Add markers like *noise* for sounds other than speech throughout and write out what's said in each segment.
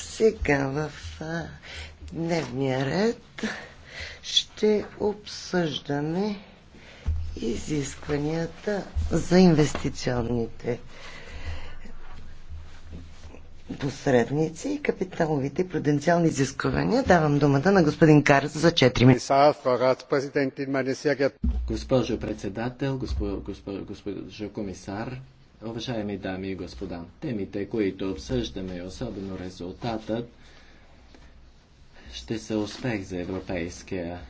Сега в дневния ред ще обсъждаме изискванията за инвестиционните посредници и капиталовите и пруденциални изисквания. Давам думата на господин Карс за 4 минути. Госпожо председател, госпожо, госпожо, госпожо комисар, Уважаеми дами и господа, темите, които обсъждаме, особено резултатът, ще са успех за Европейския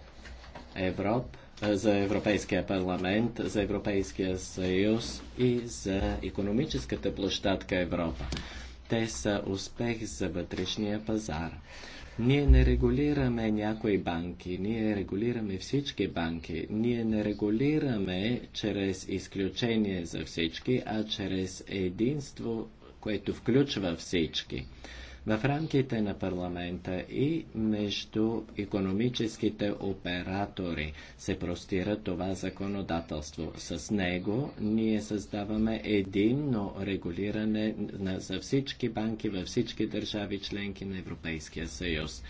Европ, за Европейския парламент, за Европейския съюз и за економическата площадка Европа. Те са успех за вътрешния пазар. Ние не регулираме някои банки, ние регулираме всички банки. Ние не регулираме чрез изключение за всички, а чрез единство, което включва всички в рамките на парламента и между економическите оператори се простира това законодателство. С него ние създаваме единно регулиране на, за всички банки във всички държави членки на Европейския съюз.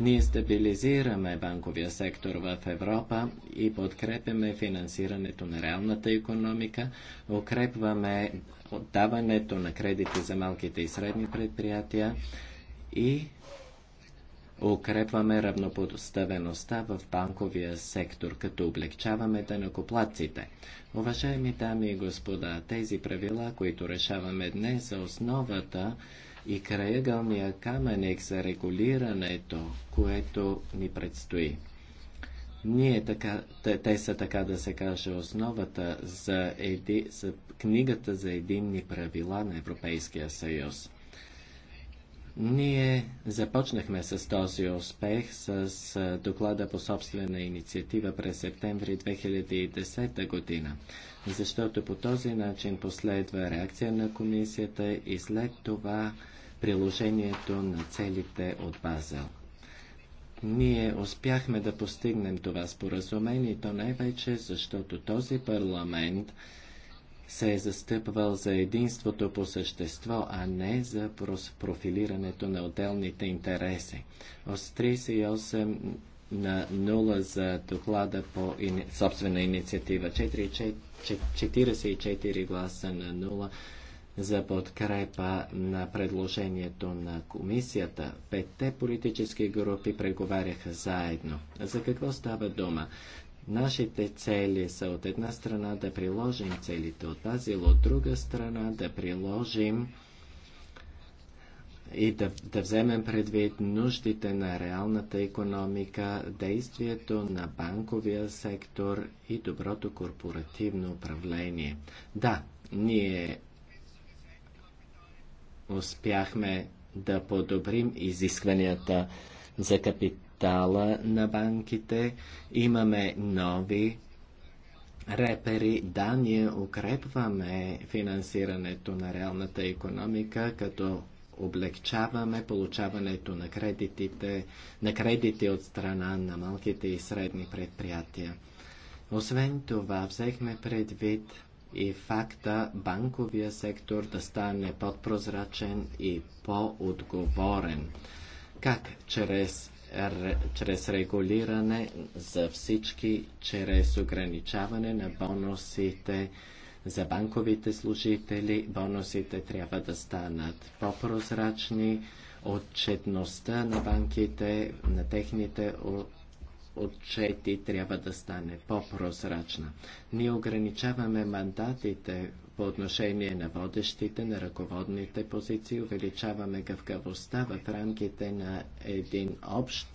Ние стабилизираме банковия сектор в Европа и подкрепяме финансирането на реалната економика, укрепваме отдаването на кредити за малките и средни предприятия и укрепваме равнопоставеността в банковия сектор, като облегчаваме данъкоплатците. Уважаеми дами и господа, тези правила, които решаваме днес, за основата и краегълния камъник за регулирането, което ни предстои. Ние така, те, те са така да се каже основата за, еди, за книгата за единни правила на Европейския съюз. Ние започнахме с този успех с доклада по собствена инициатива през септември 2010 година, защото по този начин последва реакция на комисията и след това приложението на целите от Базел. Ние успяхме да постигнем това споразумение, то най-вече защото този парламент се е застъпвал за единството по същество, а не за профилирането на отделните интереси. От 38 на 0 за доклада по собствена инициатива, 44 гласа на за подкрепа на предложението на комисията. Петте политически групи преговаряха заедно. За какво става дума? Нашите цели са от една страна да приложим целите от тази, от друга страна да приложим и да, да вземем предвид нуждите на реалната економика, действието на банковия сектор и доброто корпоративно управление. Да, ние успяхме да подобрим изискванията за капитала на банките. Имаме нови репери. Да, ние укрепваме финансирането на реалната економика, като облегчаваме получаването на, кредитите, на кредити от страна на малките и средни предприятия. Освен това, взехме предвид и факта банковия сектор да стане по-прозрачен и по-отговорен. Как? Чрез, чрез регулиране за всички, чрез ограничаване на бонусите за банковите служители. Бонусите трябва да станат по-прозрачни. Отчетността на банките, на техните отчети трябва да стане по-прозрачна. Ние ограничаваме мандатите по отношение на водещите, на ръководните позиции, увеличаваме гъвкавостта в рамките на един общ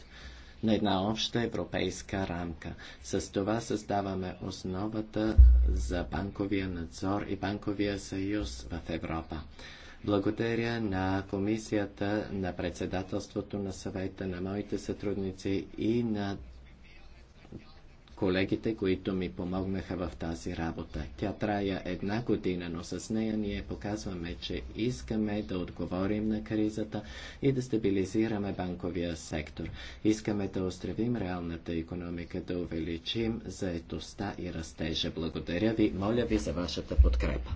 на една обща европейска рамка. С това създаваме основата за банковия надзор и банковия съюз в Европа. Благодаря на комисията, на председателството на съвета, на моите сътрудници и на колегите, които ми помогнаха в тази работа. Тя трая една година, но с нея ние показваме, че искаме да отговорим на кризата и да стабилизираме банковия сектор. Искаме да оздравим реалната економика, да увеличим заетостта и растежа. Благодаря ви, моля ви за вашата подкрепа.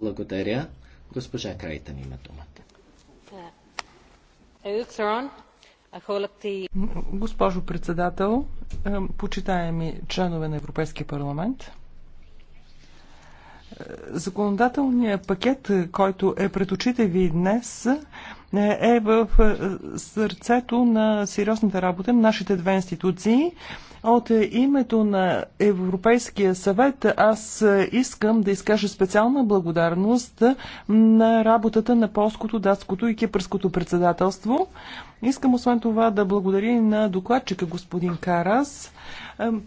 Благодаря. Госпожа Крейтън има думата. Госпожо председател, е, почитаеми членове на Европейския парламент, е, законодателният пакет, който е пред очите ви днес, е, е в сърцето на сериозната работа на нашите две институции – от името на Европейския съвет аз искам да изкажа специална благодарност на работата на полското, датското и кипърското председателство. Искам освен това да благодаря на докладчика господин Карас,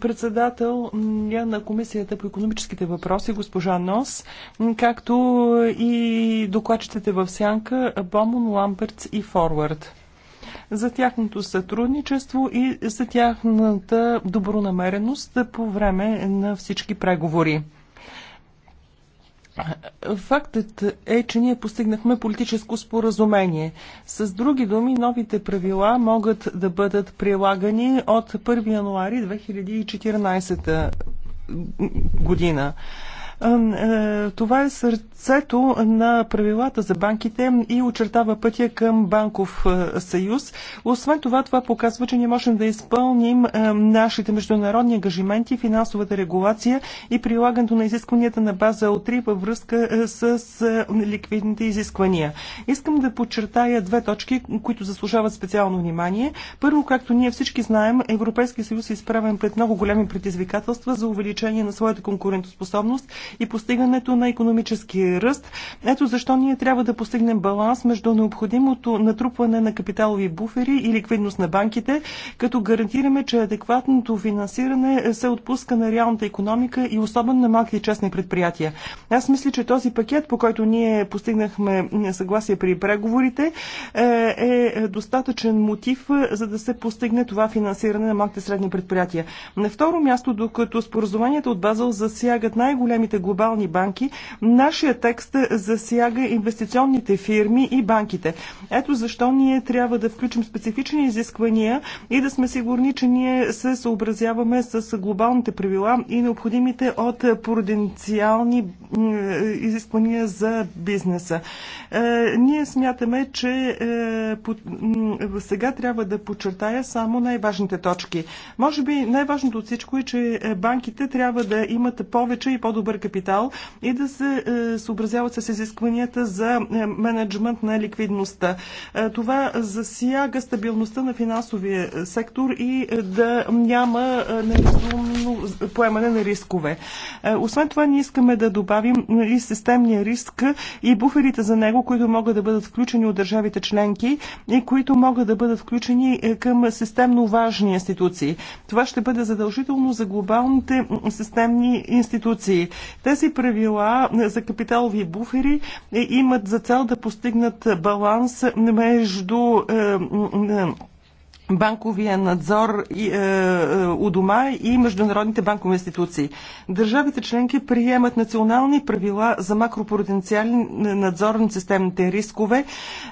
председател на Комисията по економическите въпроси госпожа Нос, както и докладчиците в Сянка Бомон, Ламперц и Форвард за тяхното сътрудничество и за тяхната добронамереност по време на всички преговори. Фактът е, че ние постигнахме политическо споразумение. С други думи, новите правила могат да бъдат прилагани от 1 януари 2014 година. Е, това е сърцето на правилата за банките и очертава пътя към банков е, съюз. Освен това, това показва, че ние можем да изпълним е, нашите международни ангажименти, финансовата регулация и прилагането на изискванията на база от 3 във връзка с ликвидните изисквания. Искам да подчертая две точки, които заслужават специално внимание. Първо, както ние всички знаем, Европейския съюз е изправен пред много големи предизвикателства за увеличение на своята конкурентоспособност и постигането на економически ръст. Ето защо ние трябва да постигнем баланс между необходимото натрупване на капиталови буфери и ликвидност на банките, като гарантираме, че адекватното финансиране се отпуска на реалната економика и особено на малките честни предприятия. Аз мисля, че този пакет, по който ние постигнахме съгласие при преговорите, е, е достатъчен мотив, за да се постигне това финансиране на малките средни предприятия. На второ място, докато споразуменията от Базел засягат най-големите големите глобални банки, нашия текст засяга инвестиционните фирми и банките. Ето защо ние трябва да включим специфични изисквания и да сме сигурни, че ние се съобразяваме с глобалните правила и необходимите от проденциални е, изисквания за бизнеса. Е, ние смятаме, че е, сега трябва да подчертая само най-важните точки. Може би най-важното от всичко е, че банките трябва да имат повече и по-добър капитал и да се е, съобразяват с изискванията за е, менеджмент на ликвидността. Е, това засяга стабилността на финансовия сектор и да няма неразумно поемане на рискове. Освен това, ние искаме да добавим и системния риск и буферите за него, които могат да бъдат включени от държавите членки и които могат да бъдат включени към системно важни институции. Това ще бъде задължително за глобалните системни институции. Тези правила за капиталови буфери е, имат за цел да постигнат баланс между е, банковия надзор и, е, е, у дома и международните банкови институции. Държавите членки приемат национални правила за макропруденциален надзор на системните рискове,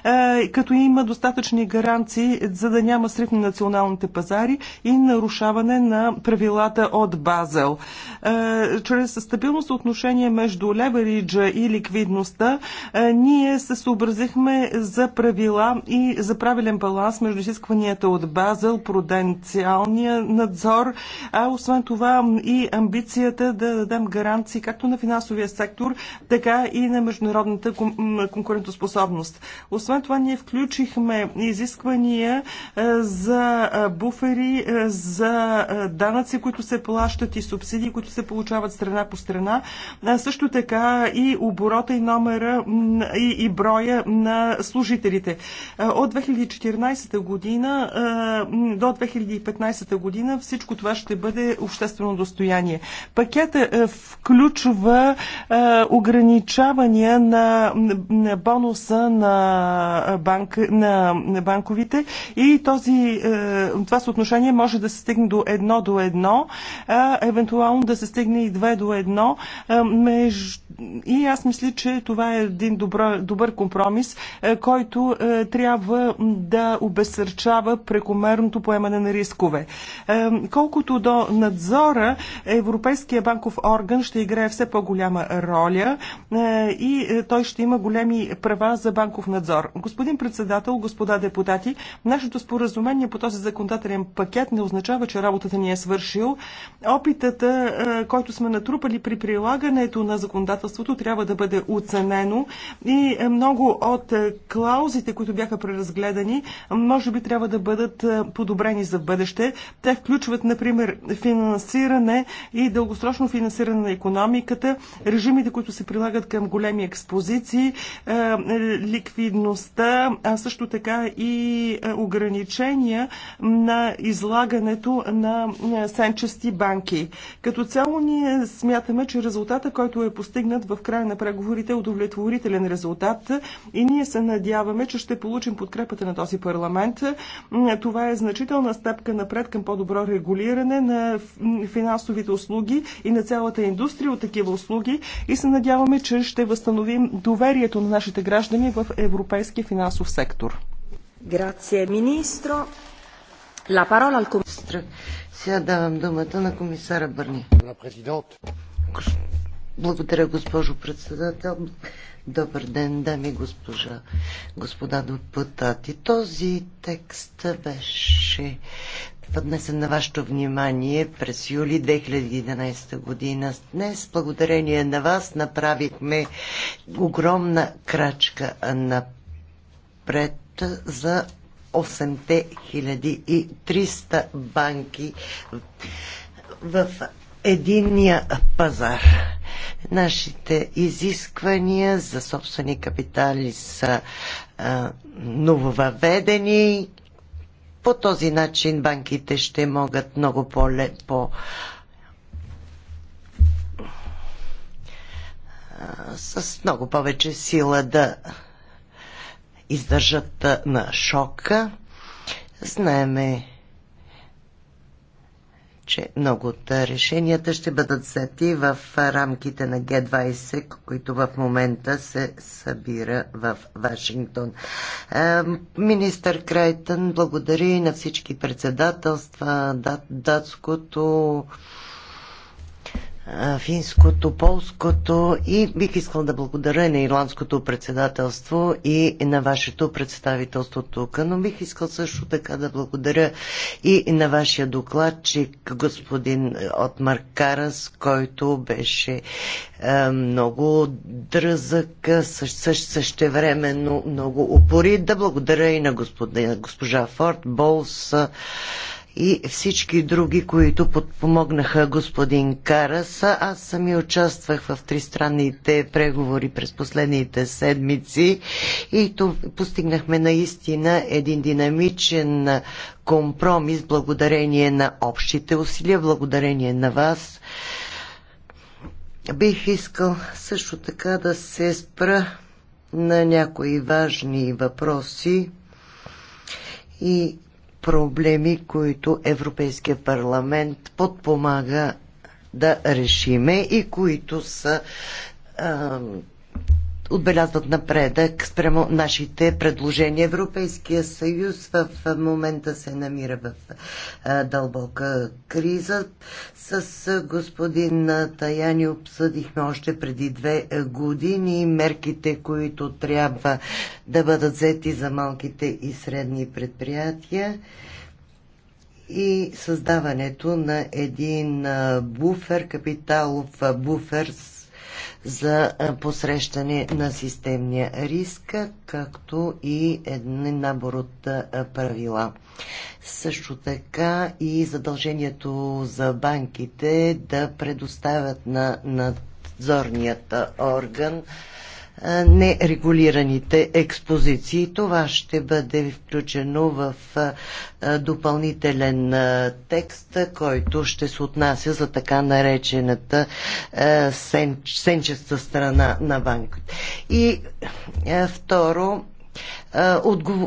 е, като има достатъчни гаранции за да няма срив на националните пазари и нарушаване на правилата от Базел. Е, чрез стабилност отношение между левериджа и ликвидността е, ние се съобразихме за правила и за правилен баланс между изискванията от от Базел, пруденциалния надзор, а освен това и амбицията да дадем гаранции както на финансовия сектор, така и на международната конкурентоспособност. Освен това ние включихме изисквания е, за е, буфери, е, за данъци, които се плащат и субсидии, които се получават страна по страна. Също така и оборота и номера и, и броя на служителите. От 2014 година до 2015 година всичко това ще бъде обществено достояние. Пакета е, включва е, ограничавания на, бонуса на, банк, на, банковите и този, е, това съотношение може да се стигне до 1 до 1, а евентуално да се стигне и 2 до 1. И аз мисля, че това е един добро, добър компромис, който трябва да обесърчава преговорите прекомерното поемане на рискове. Колкото до надзора, Европейския банков орган ще играе все по-голяма роля е, и е, той ще има големи права за банков надзор. Господин председател, господа депутати, нашето споразумение по този законодателен пакет не означава, че работата ни е свършил. Опитата, е, който сме натрупали при прилагането на законодателството, трябва да бъде оценено и много от клаузите, които бяха преразгледани, може би трябва да бъдат бъдат подобрени за бъдеще. Те включват, например, финансиране и дългосрочно финансиране на економиката, режимите, които се прилагат към големи експозиции, ликвидността, а също така и ограничения на излагането на сенчести банки. Като цяло ние смятаме, че резултата, който е постигнат в края на преговорите е удовлетворителен резултат и ние се надяваме, че ще получим подкрепата на този парламент. Това е значителна стъпка напред към по-добро регулиране на финансовите услуги и на цялата индустрия от такива услуги и се надяваме, че ще възстановим доверието на нашите граждани в европейския финансов сектор. Грация, министро. La parola al commissario. Сега давам думата на комисара Бърни. Благодаря, госпожо председател. Добър ден, дами госпожа, господа депутати. Този текст беше поднесен на вашето внимание през юли 2011 година. Днес, благодарение на вас, направихме огромна крачка напред за 8300 банки в единния пазар. Нашите изисквания за собствени капитали са а, нововъведени. По този начин банките ще могат много по лепо по с много повече сила да издържат на шока. Знаеме, че много от решенията ще бъдат взети в рамките на Г-20, които в момента се събира в Вашингтон. Е, министър Крайтън, благодари на всички председателства, датското, финското, полското и бих искал да благодаря на ирландското председателство и на вашето представителство тук. Но бих искал също така да благодаря и на вашия докладчик, господин Отмар Карас, който беше е, много дръзък, същ, време, същевременно много упорит. Да благодаря и на господин, госпожа Форд Болс, и всички други, които подпомогнаха господин Карас. Аз сами участвах в тристранните преговори през последните седмици и постигнахме наистина един динамичен компромис благодарение на общите усилия, благодарение на вас. Бих искал също така да се спра на някои важни въпроси и проблеми, които Европейския парламент подпомага да решиме и които са отбелязват напредък спрямо нашите предложения. Европейския съюз в момента се намира в дълбока криза. С господин Таяни обсъдихме още преди две години мерките, които трябва да бъдат взети за малките и средни предприятия и създаването на един буфер, капиталов буфер за е, посрещане на системния риск, както и един набор от е, правила. Също така и задължението за банките да предоставят на надзорният орган нерегулираните експозиции. Това ще бъде включено в допълнителен текст, който ще се отнася за така наречената сен, сенчеста страна на банката. И второ,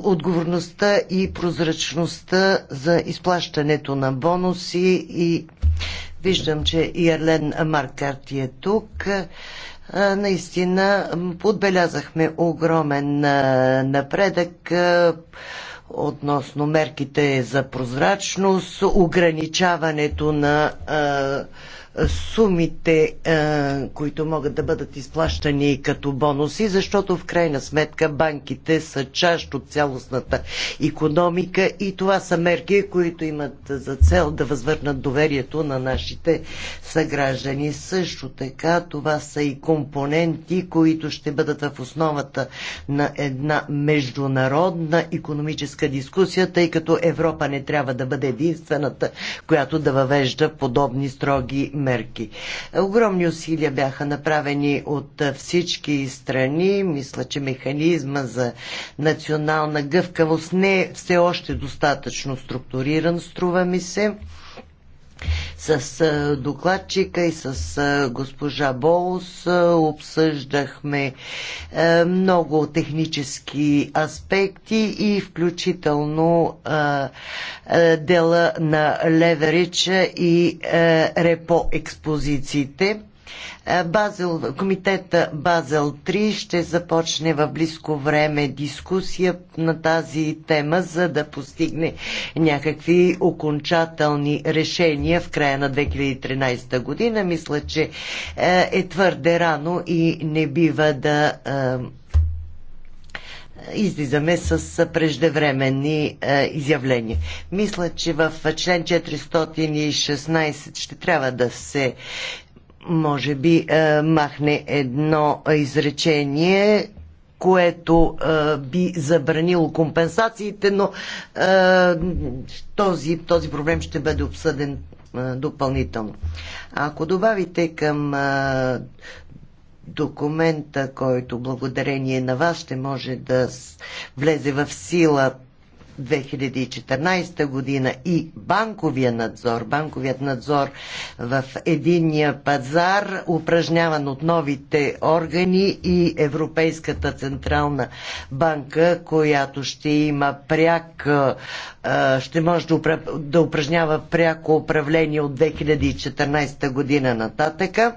отговорността и прозрачността за изплащането на бонуси и виждам, че и Ерлен Маркарти е тук наистина подбелязахме огромен напредък относно мерките за прозрачност, ограничаването на сумите, които могат да бъдат изплащани като бонуси, защото в крайна сметка банките са част от цялостната економика и това са мерки, които имат за цел да възвърнат доверието на нашите съграждани. Също така това са и компоненти, които ще бъдат в основата на една международна економическа дискусия, тъй като Европа не трябва да бъде единствената, която да въвежда подобни строги мерки мерки. Огромни усилия бяха направени от всички страни. Мисля, че механизма за национална гъвкавост не е все още достатъчно структуриран, струва ми се. С докладчика и с госпожа Болс обсъждахме много технически аспекти и включително дела на леверича и репо експозициите. Е, Базел, комитета Базел 3 ще започне в близко време дискусия на тази тема, за да постигне някакви окончателни решения в края на 2013 година. Мисля, че е, е твърде рано и не бива да е, излизаме с преждевременни е, изявления. Мисля, че в член 416 ще трябва да се може би е, махне едно изречение, което е, би забранило компенсациите, но е, този, този проблем ще бъде обсъден допълнително. Ако добавите към документа, който благодарение на вас ще може да влезе в сила 2014 година и банковия надзор, банковият надзор в единния пазар, упражняван от новите органи и Европейската централна банка, която ще има пряк, ще може да упражнява пряко управление от 2014 година нататъка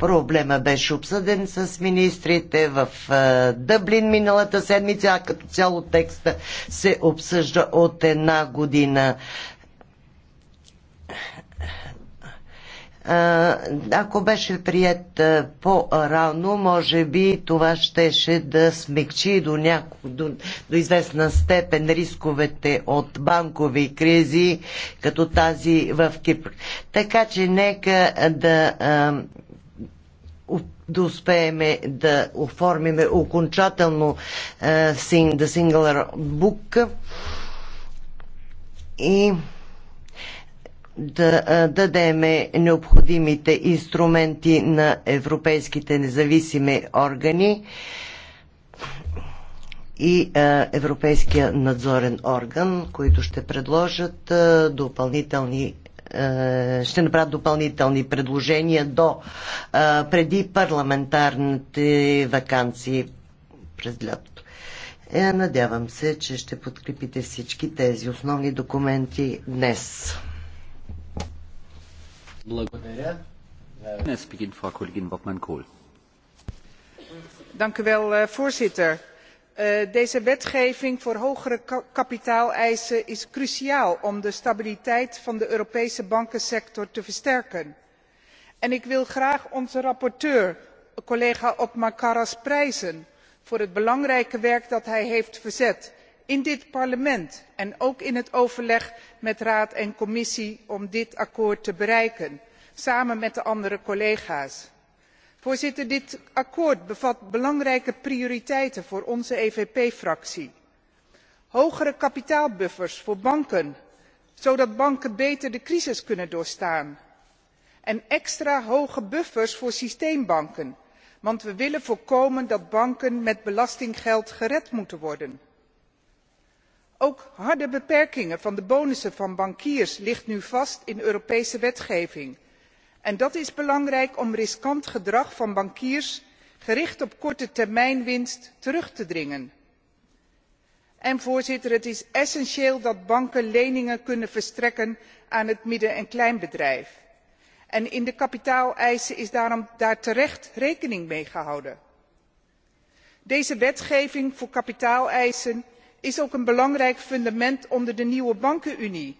Проблема беше обсъден с министрите в Дъблин миналата седмица, а като цяло текста се обсъжда от една година. Ако беше прият по-рано, може би това щеше да смекчи до, няко, до, до известна степен рисковете от банкови кризи, като тази в Кипр. Така че нека да. А, да успееме да оформиме окончателно е, The Singular Book и да е, дадеме необходимите инструменти на европейските независими органи и е, Европейския надзорен орган, които ще предложат допълнителни е, ще направят допълнителни предложения до е, преди парламентарните вакансии през лятото. Е, надявам се, че ще подкрепите всички тези основни документи днес. Благодаря. Днес begint Frau е колегин Wortmann-Kohl. Dank u wel, eh, voorzitter deze wetgeving voor hogere kapitaaleisen is cruciaal om de stabiliteit van de europese bankensector te versterken en ik wil graag onze rapporteur collega othmar karas prijzen voor het belangrijke werk dat hij heeft verzet in dit parlement en ook in het overleg met raad en commissie om dit akkoord te bereiken samen met de andere collega's voorzitter dit akkoord bevat belangrijke prioriteiten voor onze evp fractie hogere kapitaalbuffers voor banken zodat banken beter de crisis kunnen doorstaan en extra hoge buffers voor systeembanken want we willen voorkomen dat banken met belastinggeld gered moeten worden. ook harde beperkingen van de bonussen van bankiers liggen nu vast in europese wetgeving en dat is belangrijk om riskant gedrag van bankiers gericht op kortetermijnwinst terug te dringen. voorzitter het is essentieel dat banken leningen kunnen verstrekken aan het midden en kleinbedrijf en in de kapitaaleisen is daar terecht rekening mee gehouden. deze wetgeving voor kapitaaleisen is ook een belangrijk fundament onder de nieuwe bankenunie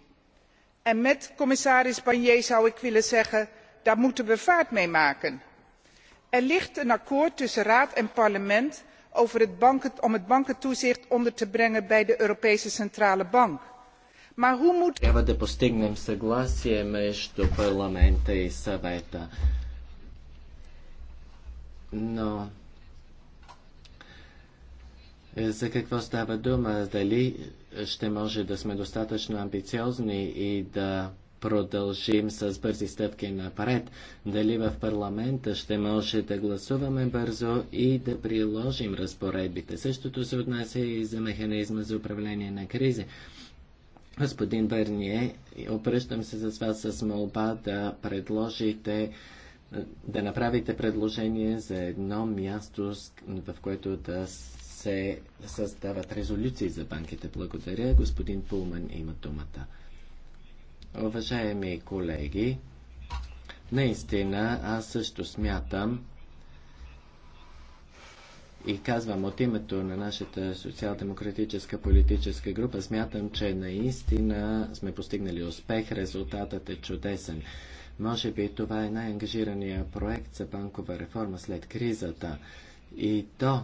en met commissaris barnier zou ik willen zeggen daar moeten we vaart mee maken. er ligt een akkoord tussen raad en parlement om het bankentoezicht onder te brengen bij de europese centrale bank. maar hoe moet. трябва да постигнем Но за какво става дума? Дали ще може да сме достатъчно амбициозни и да продължим с бързи стъпки напред, дали в парламента ще може да гласуваме бързо и да приложим разпоредбите. Същото се отнася и за механизма за управление на кризи. Господин Берние, обръщам се с вас с молба да предложите да направите предложение за едно място, в което да се създават резолюции за банките. Благодаря. Господин Пулман има думата. Уважаеми колеги, наистина аз също смятам и казвам от името на нашата социал-демократическа политическа група, смятам, че наистина сме постигнали успех, резултатът е чудесен. Може би това е най-ангажирания проект за банкова реформа след кризата. И то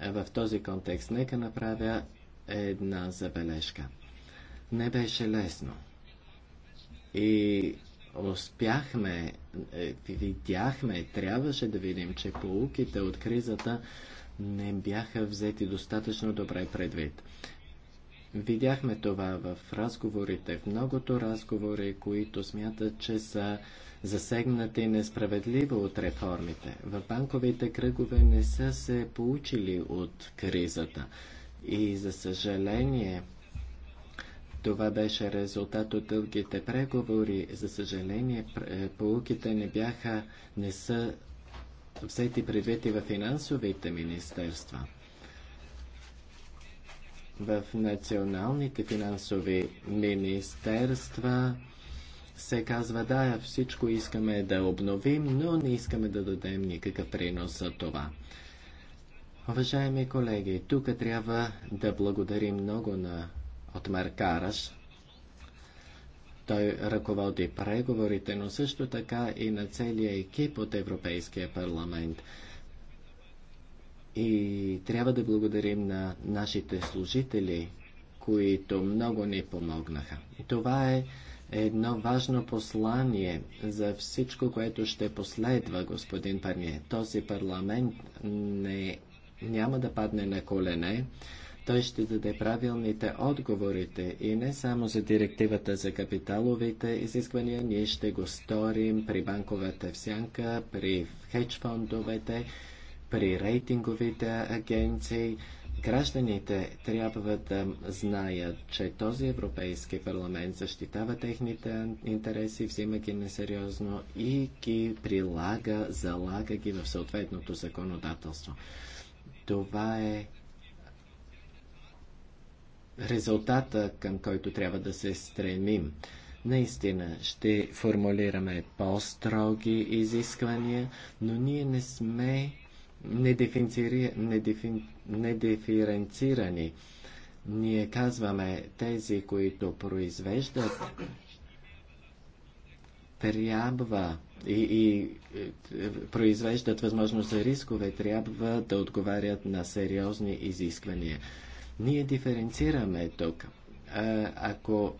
е, в този контекст нека направя една забележка. Не беше лесно. И успяхме, е, видяхме, трябваше да видим, че полуките от кризата не бяха взети достатъчно добре предвид. Видяхме това в разговорите, в многото разговори, които смятат, че са засегнати несправедливо от реформите. В банковите кръгове не са се получили от кризата. И за съжаление, това беше резултат от дългите преговори. За съжаление, е, полуките не бяха, не са взети предвид и в финансовите министерства. В националните финансови министерства се казва, да, всичко искаме да обновим, но не искаме да дадем никакъв принос за това. Уважаеми колеги, тук трябва да благодарим много на от Маркараш. Той ръководи преговорите, но също така и на целия екип от Европейския парламент. И трябва да благодарим на нашите служители, които много ни помогнаха. Това е едно важно послание за всичко, което ще последва, господин Парние. Този парламент не, няма да падне на колене. Той ще даде правилните отговорите и не само за директивата за капиталовите изисквания, ние ще го сторим при банковата всянка, при хедж фондовете, при рейтинговите агенции. Гражданите трябва да знаят, че този Европейски парламент защитава техните интереси, взима ги несериозно и ги прилага, залага ги в съответното законодателство. Това е резултата, към който трябва да се стремим. Наистина ще формулираме по-строги изисквания, но ние не сме недиференцирани. Ние казваме тези, които произвеждат, трябва и, и е, произвеждат възможност за рискове, трябва да отговарят на сериозни изисквания. Ние диференцираме тук. Ако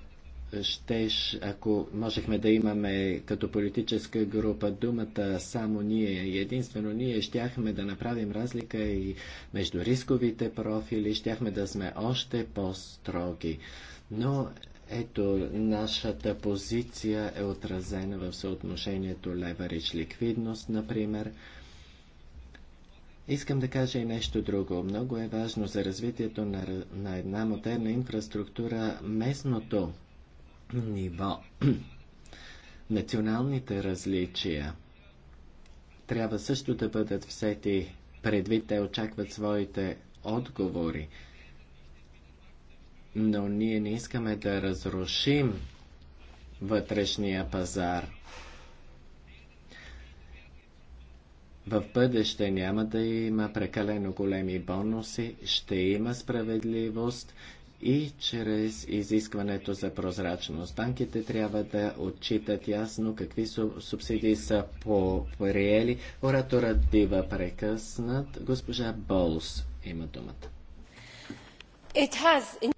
щеш, ако можехме да имаме като политическа група думата само ние и единствено ние, щяхме да направим разлика и между рисковите профили, щяхме да сме още по-строги. Но ето, нашата позиция е отразена в съотношението леверидж ликвидност, например. Искам да кажа и нещо друго. Много е важно за развитието на, на една модерна инфраструктура местното ниво. *clears throat* Националните различия трябва също да бъдат всети предвид. Те очакват своите отговори. Но ние не искаме да разрушим вътрешния пазар. в бъдеще няма да има прекалено големи бонуси, ще има справедливост и чрез изискването за прозрачност. Банките трябва да отчитат ясно какви субсидии са поприели. Ораторът бива прекъснат. Госпожа Болс има думата. It has...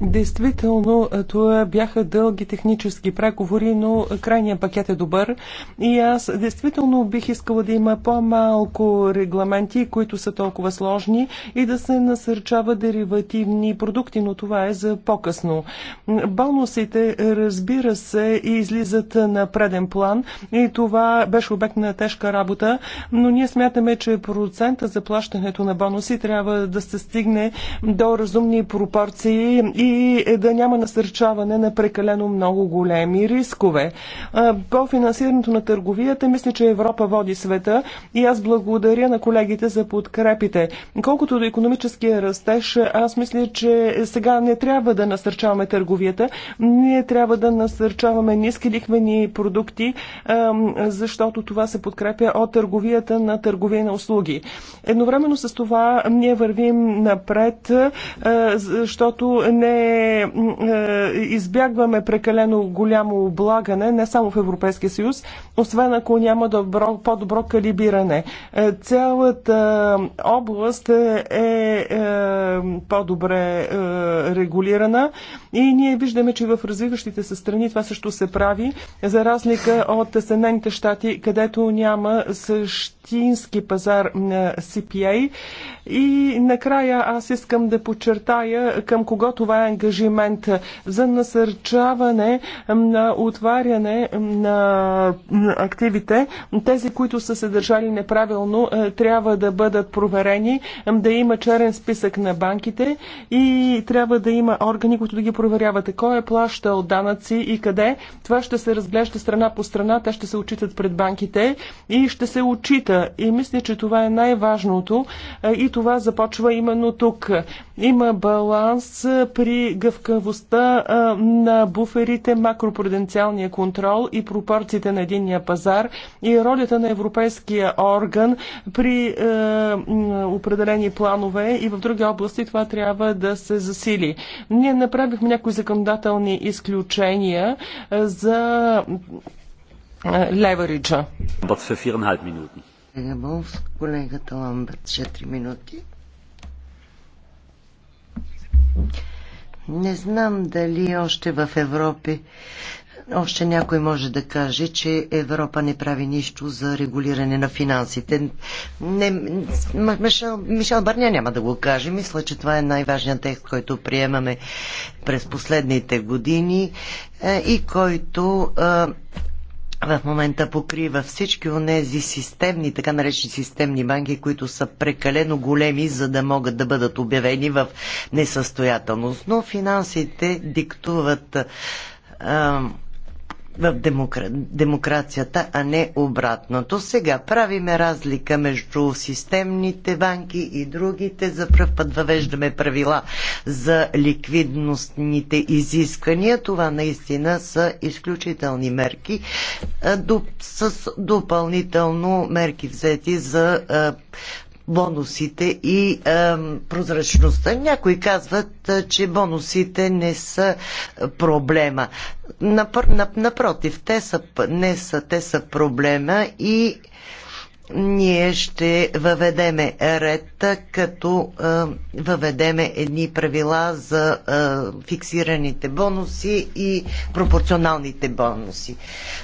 Действително, това бяха дълги технически преговори, но крайният пакет е добър. И аз действително бих искала да има по-малко регламенти, които са толкова сложни и да се насърчава деривативни продукти, но това е за по-късно. Бонусите, разбира се, излизат на преден план и това беше обект на тежка работа, но ние смятаме, че процента за плащането на бонуси трябва да се стигне до разумни пропорции данъци и е да няма насърчаване на прекалено много големи рискове. По финансирането на търговията, мисля, че Европа води света и аз благодаря на колегите за подкрепите. Колкото до економическия растеж, аз мисля, че сега не трябва да насърчаваме търговията. Ние трябва да насърчаваме ниски лихвени продукти, защото това се подкрепя от търговията на търговия на услуги. Едновременно с това ние вървим напред, защото защото не е, избягваме прекалено голямо облагане, не само в Европейския съюз, освен ако няма добро, по-добро калибиране. Е, цялата област е, е, е по-добре е, регулирана и ние виждаме, че в развиващите се страни това също се прави, за разлика от Съединените щати, където няма същински пазар на CPA. И накрая аз искам да подчертая към кого това е ангажимент за насърчаване на отваряне на активите. Тези, които са се държали неправилно, е, трябва да бъдат проверени, да има черен списък на банките и трябва да има органи, които да ги проверяват. Кой е плащал данъци и къде? Това ще се разглежда страна по страна, те ще се отчитат пред банките и ще се отчита. И мисля, че това е най-важното е, и това започва именно тук. Има баланс при гъвкавостта на буферите, макропруденциалния контрол и пропорциите на единния пазар и ролята на европейския орган при е, определени планове и в други области това трябва да се засили. Ние направихме някои законодателни изключения е, за е, левериджа. Колега Болс, колегата Ламберт, 4 минути. Не знам дали още в Европи още някой може да каже, че Европа не прави нищо за регулиране на финансите. Не, Мишел, Мишел Барня няма да го каже. Мисля, че това е най-важният текст, който приемаме през последните години е, и който е, в момента покрива всички онези системни, така наречени системни банки, които са прекалено големи, за да могат да бъдат обявени в несъстоятелност. Но финансите диктуват а, в демокра... демокрацията, а не обратното. Сега правиме разлика между системните банки и другите. За пръв път въвеждаме правила за ликвидностните изисквания. Това наистина са изключителни мерки с допълнително мерки взети за бонусите и а, прозрачността. Някои казват, че бонусите не са проблема. Напротив, те са, не са, те са проблема и ние ще въведеме ред, като а, въведеме едни правила за а, фиксираните бонуси и пропорционалните бонуси.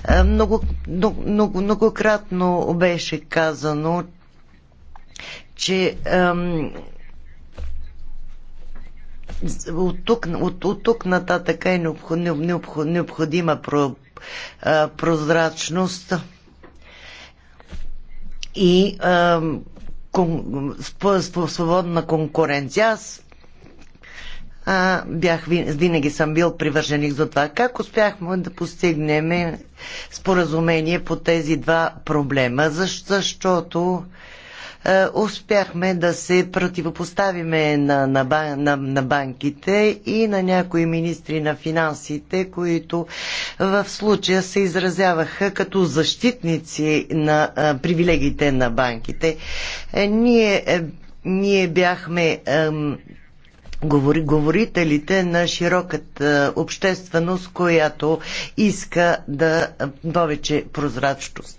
А, много, много, многократно беше казано, че ам, от тук, от, от тук нататък е необход, необход, необходима про, а, прозрачност и а, свободна конкуренция. Аз а, бях, винаги съм бил привърженик за това. Как успяхме да постигнем споразумение по тези два проблема? защото е, успяхме да се противопоставиме на, на, на, на банките и на някои министри на финансите, които в случая се изразяваха като защитници на а, е, привилегиите на банките. Е, ние, е, ние бяхме. Е, говорителите на широката е, общественост, която иска да повече прозрачност.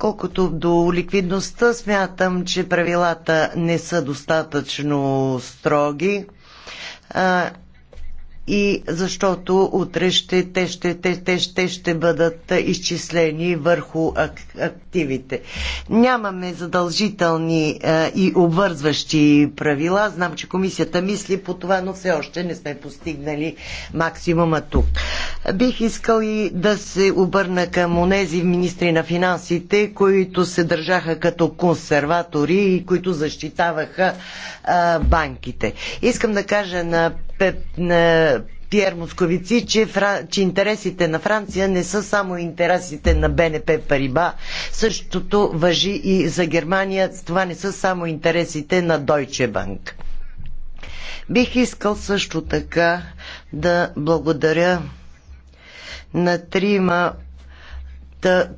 Колкото до ликвидността, смятам, че правилата не са достатъчно строги и защото утре ще, те, ще, те, те, ще, ще бъдат изчислени върху активите. Нямаме задължителни а, е, и обвързващи правила. Знам, че комисията мисли по това, но все още не сме постигнали максимума тук. Бих искал и да се обърна към онези министри на финансите, които се държаха като консерватори и които защитаваха а, е, банките. Искам да кажа на Пьер Московици, че, Фра... че интересите на Франция не са само интересите на БНП Париба. Същото въжи и за Германия. Това не са само интересите на Deutsche Bank. Бих искал също така да благодаря на трима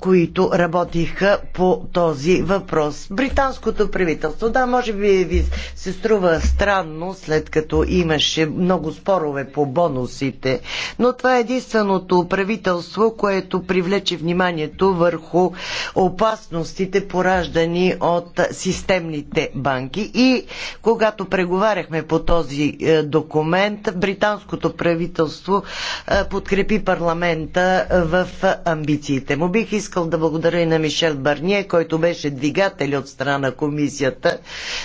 които работиха по този въпрос. Британското правителство, да, може би ви се струва странно, след като имаше много спорове по бонусите, но това е единственото правителство, което привлече вниманието върху опасностите, пораждани от системните банки. И когато преговаряхме по този е, документ, британското правителство е, подкрепи парламента в е, амбициите му. Бих искал да благодаря и на Мишел Барние, който беше двигател от страна на комисията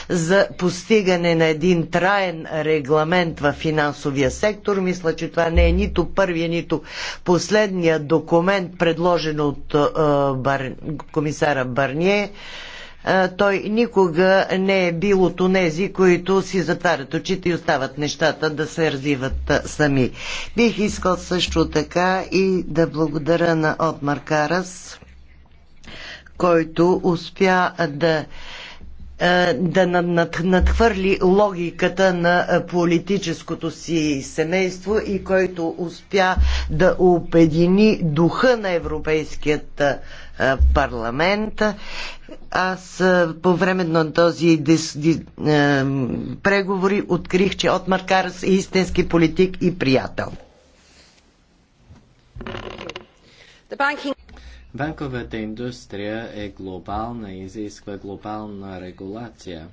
за постигане на един траен регламент в финансовия сектор. Мисля, че това не е нито първия, нито последния документ, предложен от е, комисара Барние той никога не е бил от онези, които си затварят очите и остават нещата да се развиват сами. Бих искал също така и да благодаря на Отмар Карас, който успя да да надхвърли логиката на политическото си семейство и който успя да обедини духа на европейският парламента. Аз по време на този дис, ди, е, преговори открих, че от Карас е истински политик и приятел. Банковата индустрия е глобална и изисква глобална регулация,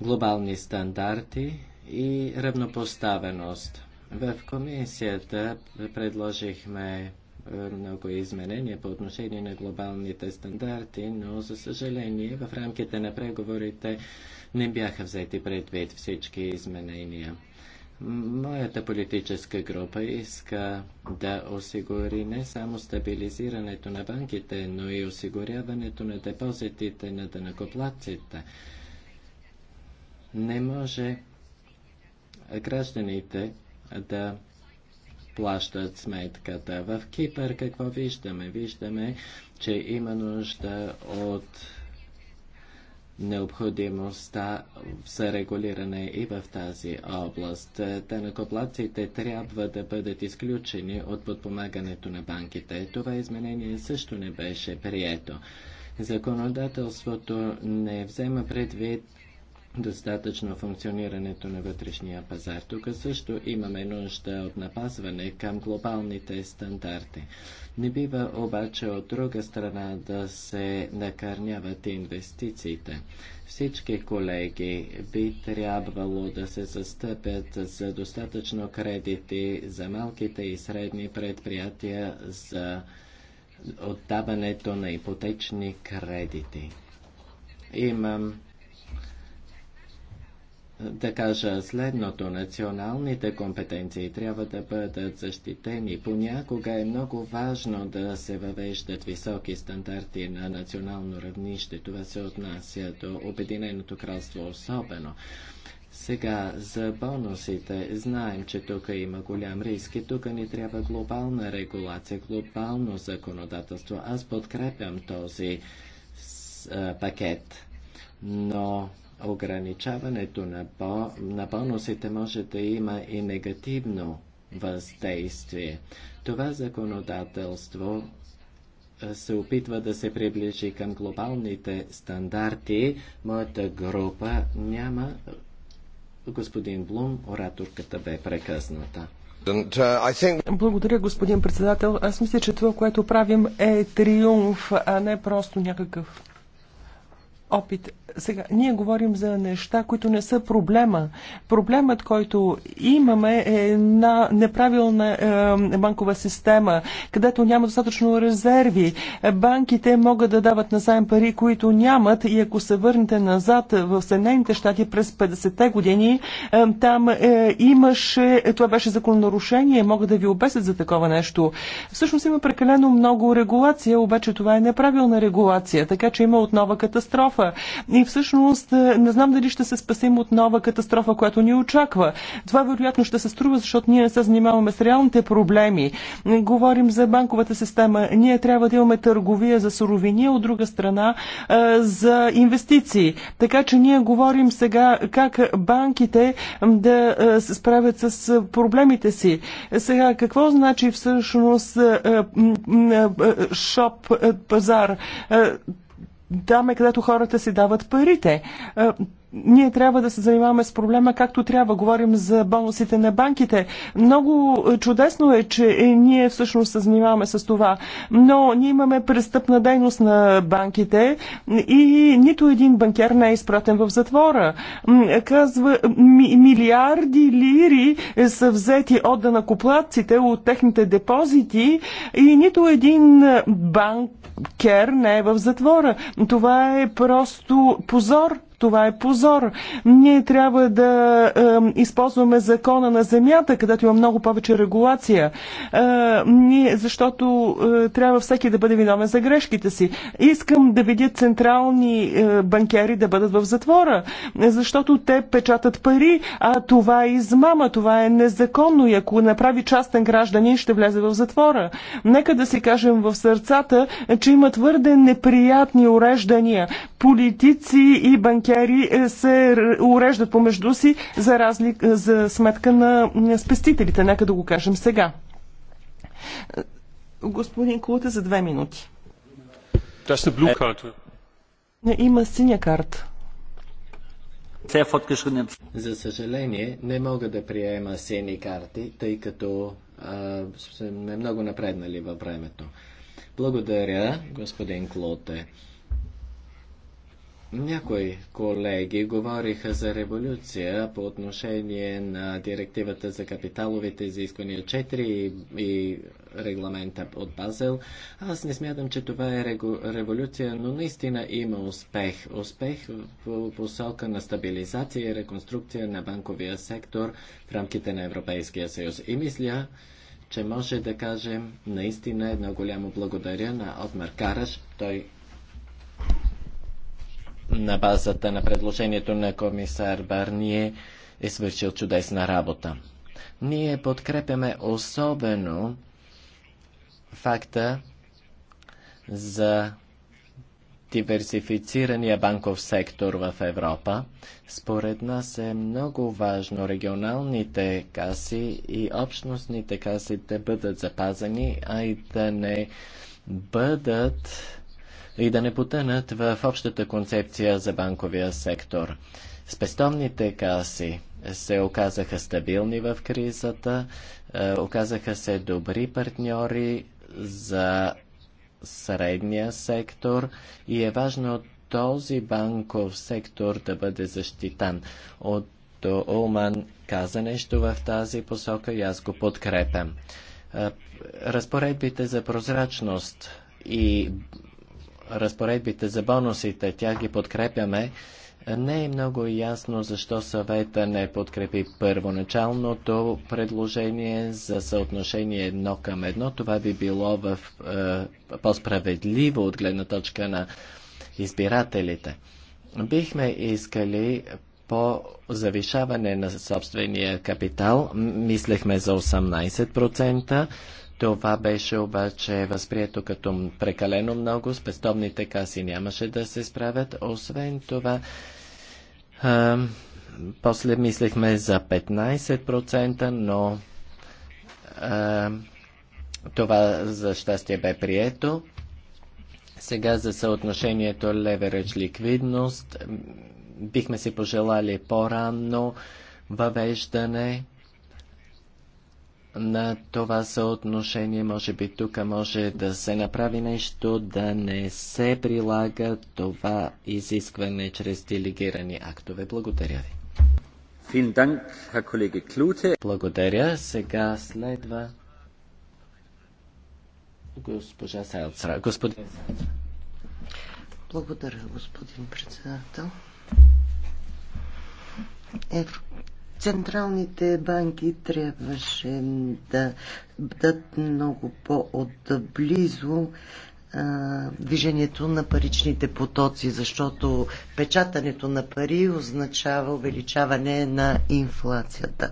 глобални стандарти и равнопоставеност. В комисията предложихме много изменения по отношение на глобалните стандарти, но за съжаление в рамките на преговорите не бяха взети предвид всички изменения. Моята политическа група иска да осигури не само стабилизирането на банките, но и осигуряването на депозитите на дънакоплаците. Не може гражданите да плащат сметката. В Кипър какво виждаме? Виждаме, че има нужда от необходимостта за регулиране и в тази област. Тенакоплаците трябва да бъдат изключени от подпомагането на банките. Това изменение също не беше прието. Законодателството не взема предвид достатъчно функционирането на вътрешния пазар. Тук също имаме нужда от напазване към глобалните стандарти. Не бива обаче от друга страна да се накърняват инвестициите. Всички колеги би трябвало да се застъпят за достатъчно кредити за малките и средни предприятия за отдаването на ипотечни кредити. Имам да кажа следното. Националните компетенции трябва да бъдат защитени. Понякога е много важно да се въвеждат високи стандарти на национално равнище. Това се отнася до Обединеното кралство особено. Сега за бонусите. Знаем, че тук има голям риск и тук ни трябва глобална регулация, глобално законодателство. Аз подкрепям този с, а, пакет, но ограничаването на, бо, на бонусите може да има и негативно въздействие. Това законодателство се опитва да се приближи към глобалните стандарти. Моята група няма. Господин Блум, ораторката бе прекъсната. Uh, Благодаря, господин председател. Аз мисля, че това, което правим е триумф, а не просто някакъв опит сега, ние говорим за неща, които не са проблема. Проблемът, който имаме е на неправилна е, банкова система, където няма достатъчно резерви. Банките могат да дават назаем пари, които нямат и ако се върнете назад в Съединените щати през 50-те години, е, там е, имаше, това беше закононарушение, могат да ви обесят за такова нещо. Всъщност има прекалено много регулация, обаче това е неправилна регулация, така че има отнова катастрофа. И и всъщност е, не знам дали ще се спасим от нова катастрофа, която ни очаква. Това вероятно ще се струва, защото ние не се занимаваме с реалните проблеми. Говорим за банковата система. Ние трябва да имаме търговия за суровини, от друга страна е, за инвестиции. Така че ние говорим сега как банките да е, се справят с проблемите си. Сега, какво значи всъщност шоп пазар? там е където хората си дават парите. Е, ние трябва да се занимаваме с проблема както трябва. Говорим за бонусите на банките. Много е, чудесно е, че е, ние всъщност се занимаваме с това. Но ние имаме престъпна дейност на банките и нито един банкер не е изпратен в затвора. Казва, милиарди лири са взети от данакоплатците, от техните депозити и нито един банкер не е в затвора. Това е просто позор това е позор. Ние трябва да е, използваме закона на земята, където има много повече регулация. Е, ние, защото е, трябва всеки да бъде виновен за грешките си. Искам да видя централни е, банкери да бъдат в затвора, защото те печатат пари, а това е измама, това е незаконно и ако направи частен гражданин, ще влезе в затвора. Нека да си кажем в сърцата, че има твърде неприятни уреждания. Политици и банкери банкери е, се уреждат помежду си за, разлик, е, за сметка на спестителите. Нека да го кажем сега. Е, господин Кулата за две минути. Не, има синя карта. За съжаление, не мога да приема сини карти, тъй като а, сме много напреднали във времето. Благодаря, господин Клоте. Някои колеги говориха за революция по отношение на директивата за капиталовите изисквания 4 и, и регламента от Базел. Аз не смятам, че това е революция, но наистина има успех. Успех в посока на стабилизация и реконструкция на банковия сектор в рамките на Европейския съюз. И мисля, че може да кажем наистина едно голямо благодаря на Отмар Караш. Той на базата на предложението на комисар Барние е свършил чудесна работа. Ние подкрепяме особено факта за диверсифицирания банков сектор в Европа. Според нас е много важно регионалните каси и общностните каси да бъдат запазени, а и да не бъдат и да не потънат в общата концепция за банковия сектор. Спестовните каси се оказаха стабилни в кризата, е, оказаха се добри партньори за средния сектор и е важно този банков сектор да бъде защитан. От Олман каза нещо в тази посока и аз го подкрепям. Е, разпоредбите за прозрачност и разпоредбите за бонусите, тя ги подкрепяме. Не е много ясно защо съвета не подкрепи първоначалното предложение за съотношение едно към едно. Това би било в, е, по-справедливо от гледна точка на избирателите. Бихме искали по завишаване на собствения капитал. Мислехме за 18%. Това беше обаче възприето като прекалено много, спестовните каси нямаше да се справят. Освен това, а, после мислихме за 15%, но а, това за щастие бе прието. Сега за съотношението леверидж ликвидност бихме си пожелали по-ранно въвеждане на това съотношение. Може би тук може да се направи нещо, да не се прилага това изискване чрез делегирани актове. Благодаря ви. Благодаря. Сега следва госпожа Сайлцра. Господин Благодаря, господин председател. Евро... Централните банки трябваше да дадат много по-отблизо движението на паричните потоци, защото печатането на пари означава увеличаване на инфлацията.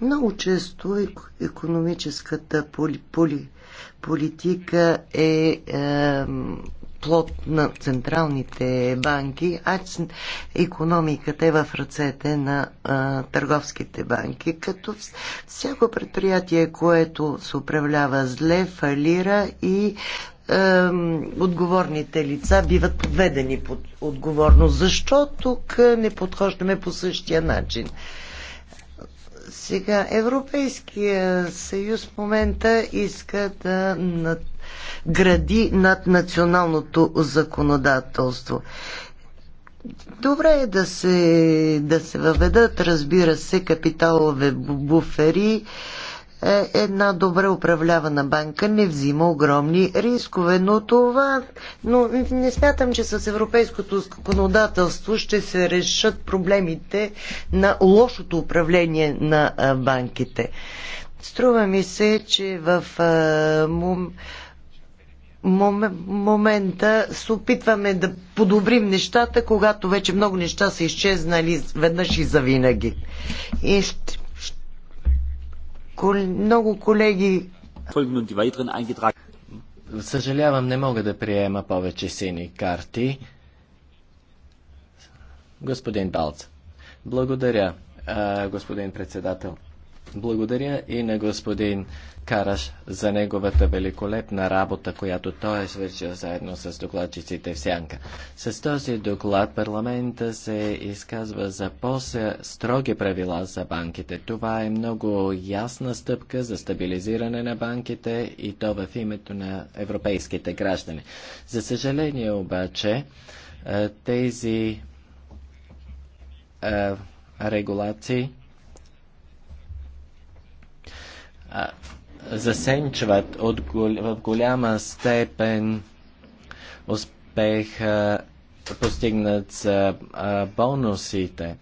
много често економическата поли, поли, политика е, е плод на централните банки, а економиката е в ръцете на а, търговските банки, като всяко предприятие, което се управлява зле, фалира и а, отговорните лица биват подведени под отговорност. Защо тук не подхождаме по същия начин? Сега, Европейския съюз в момента иска да над гради над националното законодателство. Добре е да се, да се въведат, разбира се, капиталове буфери. Е, една добре управлявана банка не взима огромни рискове, но това... Но не смятам, че с европейското законодателство ще се решат проблемите на лошото управление на банките. Струва ми се, че в момента се опитваме да подобрим нещата, когато вече много неща са изчезнали веднъж и завинаги. И ще, ще, кол, много колеги. Съжалявам, не мога да приема повече сини карти. Господин Балц, благодаря, господин председател. Благодаря и на господин Караш за неговата великолепна работа, която той е свършил заедно с докладчиците в Сянка. С този доклад парламента се изказва за по-строги правила за банките. Това е много ясна стъпка за стабилизиране на банките и то в името на европейските граждани. За съжаление обаче, е, тези е, регулации е, засенчват от, в голяма степен успеха постигнат с бонусите.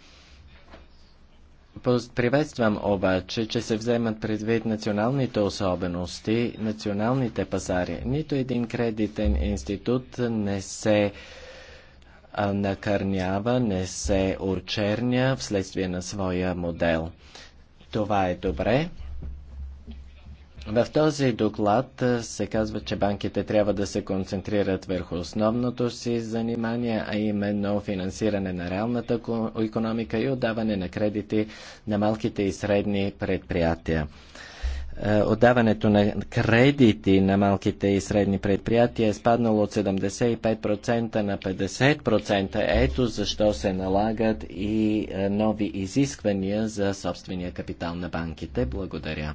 Приветствам обаче, че се вземат предвид националните особености, националните пазари. Нито един кредитен институт не се накърнява, не се очерня вследствие на своя модел. Това е добре. В този доклад се казва, че банките трябва да се концентрират върху основното си занимание, а именно финансиране на реалната економика и отдаване на кредити на малките и средни предприятия. Отдаването на кредити на малките и средни предприятия е спаднало от 75% на 50%. Ето защо се налагат и нови изисквания за собствения капитал на банките. Благодаря.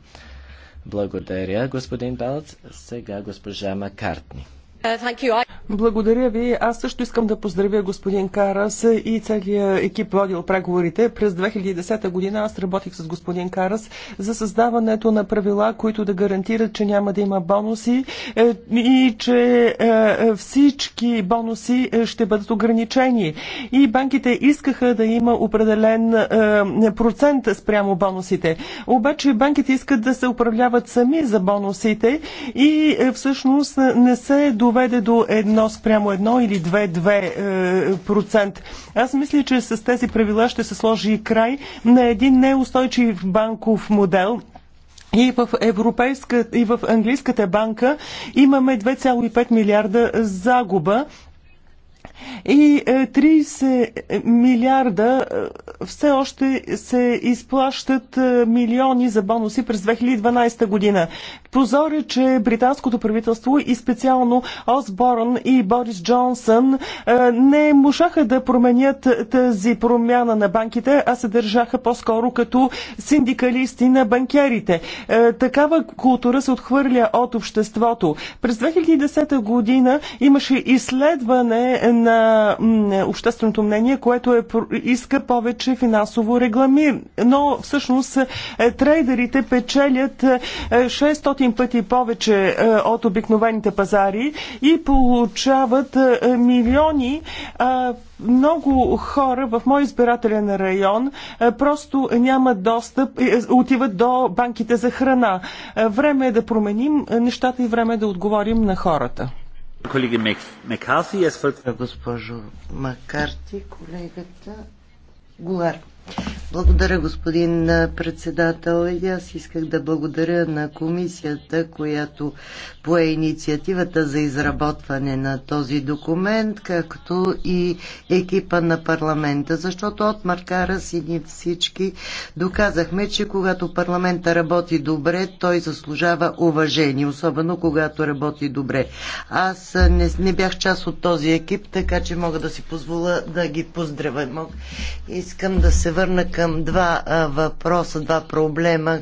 Благодаря, господин Балц. Сега госпожа Макартни. Uh, Благодаря ви. Аз също искам да поздравя господин Карас и целия екип водил преговорите. През 2010 година аз работих с господин Карас за създаването на правила, които да гарантират, че няма да има бонуси е, и че е, всички бонуси е, ще бъдат ограничени. И банките искаха да има определен процент спрямо бонусите. Обаче банките искат да се управляват сами за бонусите и всъщност не се довеждат доведе до едно спрямо едно или 2-2%. Е, Аз мисля, че с тези правила ще се сложи и край на един неустойчив банков модел, и в, европейска, и в английската банка имаме 2,5 милиарда загуба и 30 е, милиарда е, все още се изплащат милиони за бонуси през 2012 година. Позор е, че британското правителство и специално Осборн и Борис Джонсън е, не можаха да променят тази промяна на банките, а се държаха по-скоро като синдикалисти на банкерите. Е, такава култура се отхвърля от обществото. През 2010 година имаше изследване на общественото мнение, което е, иска повече финансово регламир. Но всъщност е, трейдерите печелят 600 Пъти пъти повече е, от обикновените пазари и получават е, е, милиони много хора в мой избирателен район просто нямат достъп, отиват до банките за храна. Време е да променим нещата и време е да отговорим на хората. Колеги Колега аз госпожо Макарти, колегата Гулар. Благодаря, господин председател. И аз исках да благодаря на комисията, която пое инициативата за изработване на този документ, както и екипа на парламента, защото от маркара си ни всички доказахме, че когато парламента работи добре, той заслужава уважение, особено когато работи добре. Аз не, не бях част от този екип, така че мога да си позволя да ги поздравя. Искам да се върна към два въпроса, два проблема,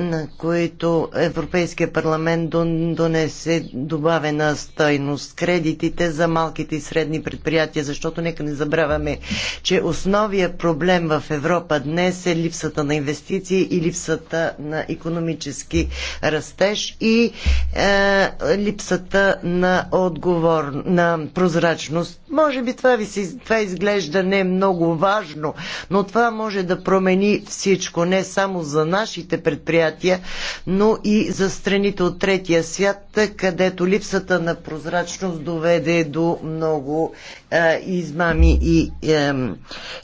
на които Европейския парламент донесе добавена стойност. Кредитите за малките и средни предприятия, защото нека не забравяме, че основният проблем в Европа днес е липсата на инвестиции и липсата на економически растеж и е, липсата на отговор, на прозрачност. Може би това, ви се, това изглежда не е много важно, но това може да промени всичко, не само за нашите предприятия, предприятия, но и за страните от третия свят, където липсата на прозрачност доведе до много е, измами и е,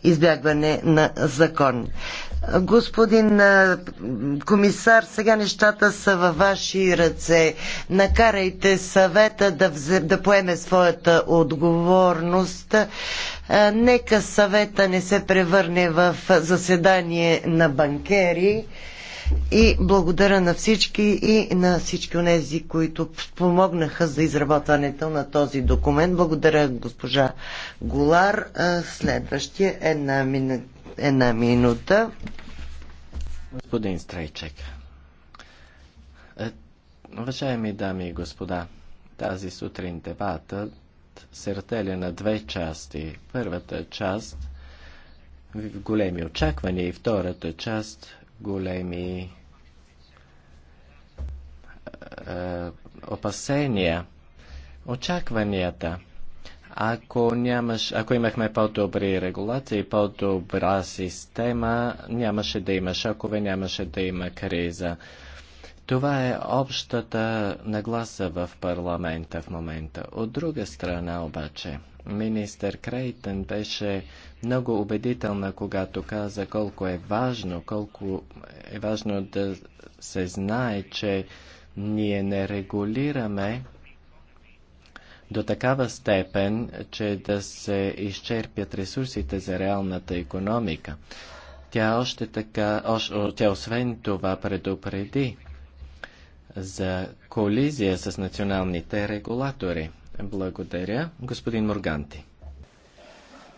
избягване на закон. Господин е, комисар, сега нещата са във ваши ръце. Накарайте съвета да, взе, да поеме своята отговорност. Е, нека съвета не се превърне в заседание на банкери и благодаря на всички и на всички тези, които помогнаха за изработването на този документ. Благодаря госпожа Голар. Следващия е една, мину... една минута. Господин Стрейчек, е, уважаеми дами и господа, тази сутрин дебатът се разделя на две части. Първата част в големи очаквания и втората част големи е, е, опасения, очакванията. Ако, нямаш, ако имахме по-добри регулации, по-добра система, нямаше да има шокове, нямаше да има криза. Това е общата нагласа в парламента в момента. От друга страна обаче, министър Крейтън беше много убедителна, когато каза колко е важно, колко е важно да се знае, че ние не регулираме до такава степен, че да се изчерпят ресурсите за реалната економика. Тя още така, тя освен това предупреди за колизия с националните регулатори. Благодаря, господин Морганти.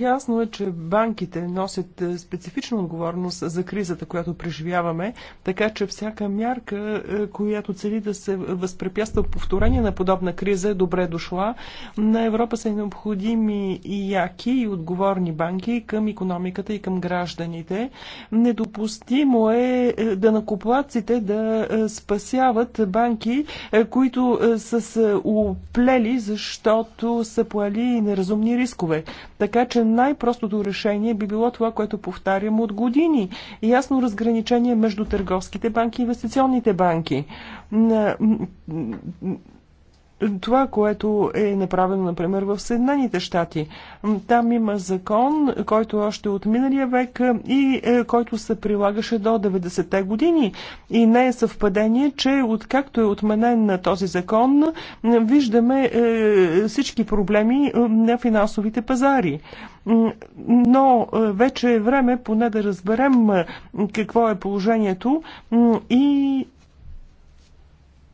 Ясно е, че банките носят е, специфична отговорност за кризата, която преживяваме, така че всяка мярка, е, която цели да се възпрепятства повторение на подобна криза, е добре дошла. На Европа са необходими и яки и отговорни банки към економиката и към гражданите. Недопустимо е, е да накоплаците да спасяват банки, които са се оплели, защото са поели неразумни рискове. Така че че най-простото решение би било това, което повтарям от години. Ясно разграничение между търговските банки и инвестиционните банки това, което е направено, например, в Съединените щати. Там има закон, който още от миналия век е, и е, който се прилагаше до 90-те години. И не е съвпадение, че откакто е отменен на този закон, виждаме е, всички проблеми на финансовите пазари. Но вече е време поне да разберем какво е положението и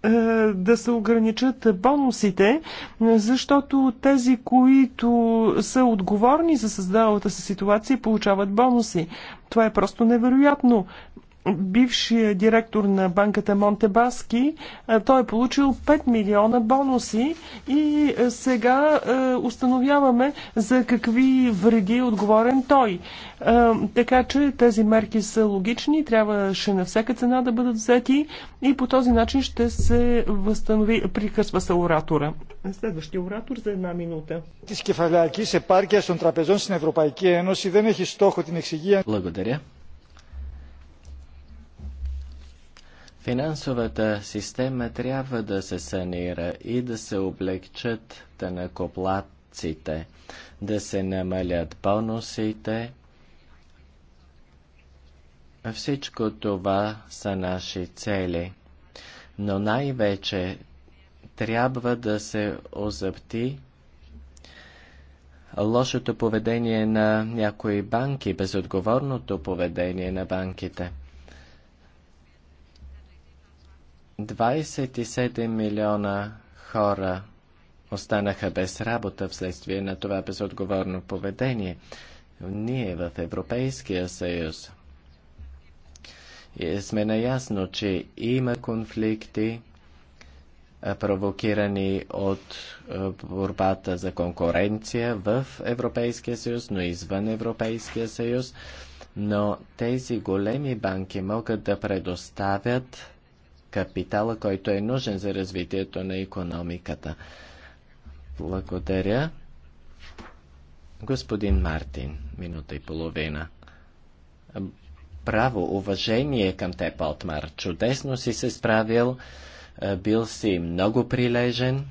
е, да се ограничат бонусите, защото тези, които са отговорни за създалата се ситуация, получават бонуси. Това е просто невероятно бившия директор на банката Монтебаски, е, той е получил 5 милиона бонуси и е, сега е, установяваме за какви вреди е отговорен той. Така че тези мерки са логични, трябваше на всяка цена да бъдат взети и по този начин ще се възстанови, прикъсва се оратора. Следващия оратор за една минута. Благодаря. Финансовата система трябва да се санира и да се облегчат тънакоплатците, да се намалят бонусите. Всичко това са наши цели. Но най-вече трябва да се озъпти лошото поведение на някои банки, безотговорното поведение на банките – 27 милиона хора останаха без работа вследствие на това безотговорно поведение. Ние в Европейския съюз сме наясно, че има конфликти, провокирани от борбата за конкуренция в Европейския съюз, но извън Европейския съюз. Но тези големи банки могат да предоставят капитала, който е нужен за развитието на економиката. Благодаря. Господин Мартин, минута и половина. Право, уважение към те, Потмар. Чудесно си се справил, бил си много прилежен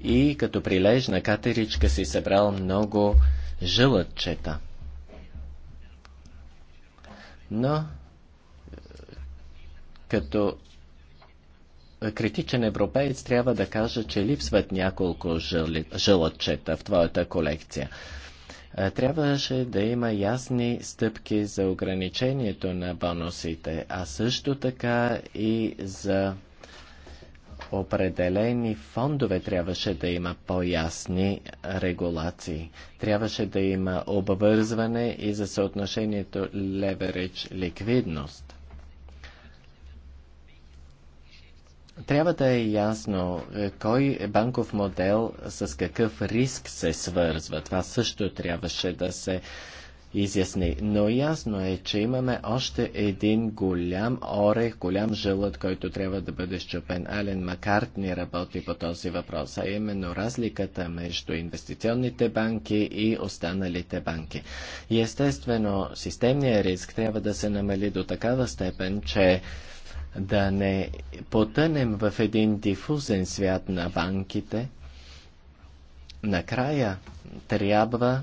и като прилежна катеричка си събрал много жълъдчета. Но като критичен европеец трябва да кажа, че липсват няколко жълъчета в твоята колекция. Е, трябваше да има ясни стъпки за ограничението на бонусите, а също така и за определени фондове трябваше да има по-ясни регулации. Трябваше да има обвързване и за съотношението леверидж ликвидност. Трябва да е ясно е, кой е банков модел с какъв риск се свързва. Това също трябваше да се изясни. Но ясно е, че имаме още един голям орех, голям жълът, който трябва да бъде щупен. Ален Макарт ни работи по този въпрос, а именно разликата между инвестиционните банки и останалите банки. И естествено, системният риск трябва да се намали до такава степен, че да не потънем в един дифузен свят на банките. Накрая трябва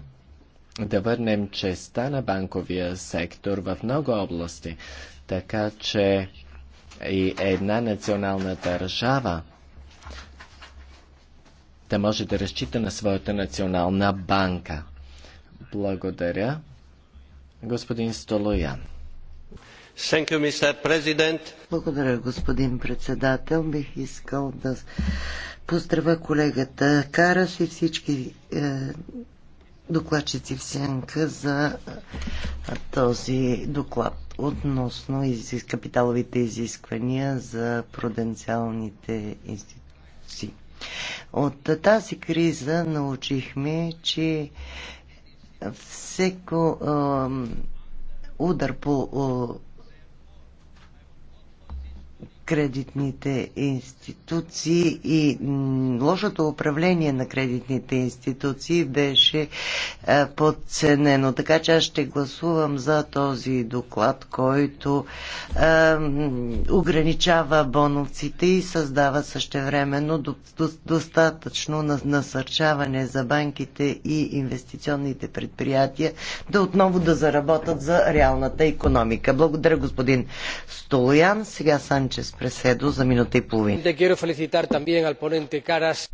да върнем честа на банковия сектор в много области, така че и една национална държава да може да разчита на своята национална банка. Благодаря, господин Столоян. Благодаря, господин председател. Бих искал да поздравя колегата Карас и всички е, докладчици в сянка за е, този доклад относно капиталовите изисквания за пруденциалните институции. От тази криза научихме, че всеко е, удар по е, кредитните институции и лошото управление на кредитните институции беше е, подценено. Така че аз ще гласувам за този доклад, който е, ограничава бонусите и създава същевременно достатъчно насърчаване за банките и инвестиционните предприятия да отново да заработят за реалната економика. Благодаря господин Столоян. Сега Санчес Преседо за минута и половина.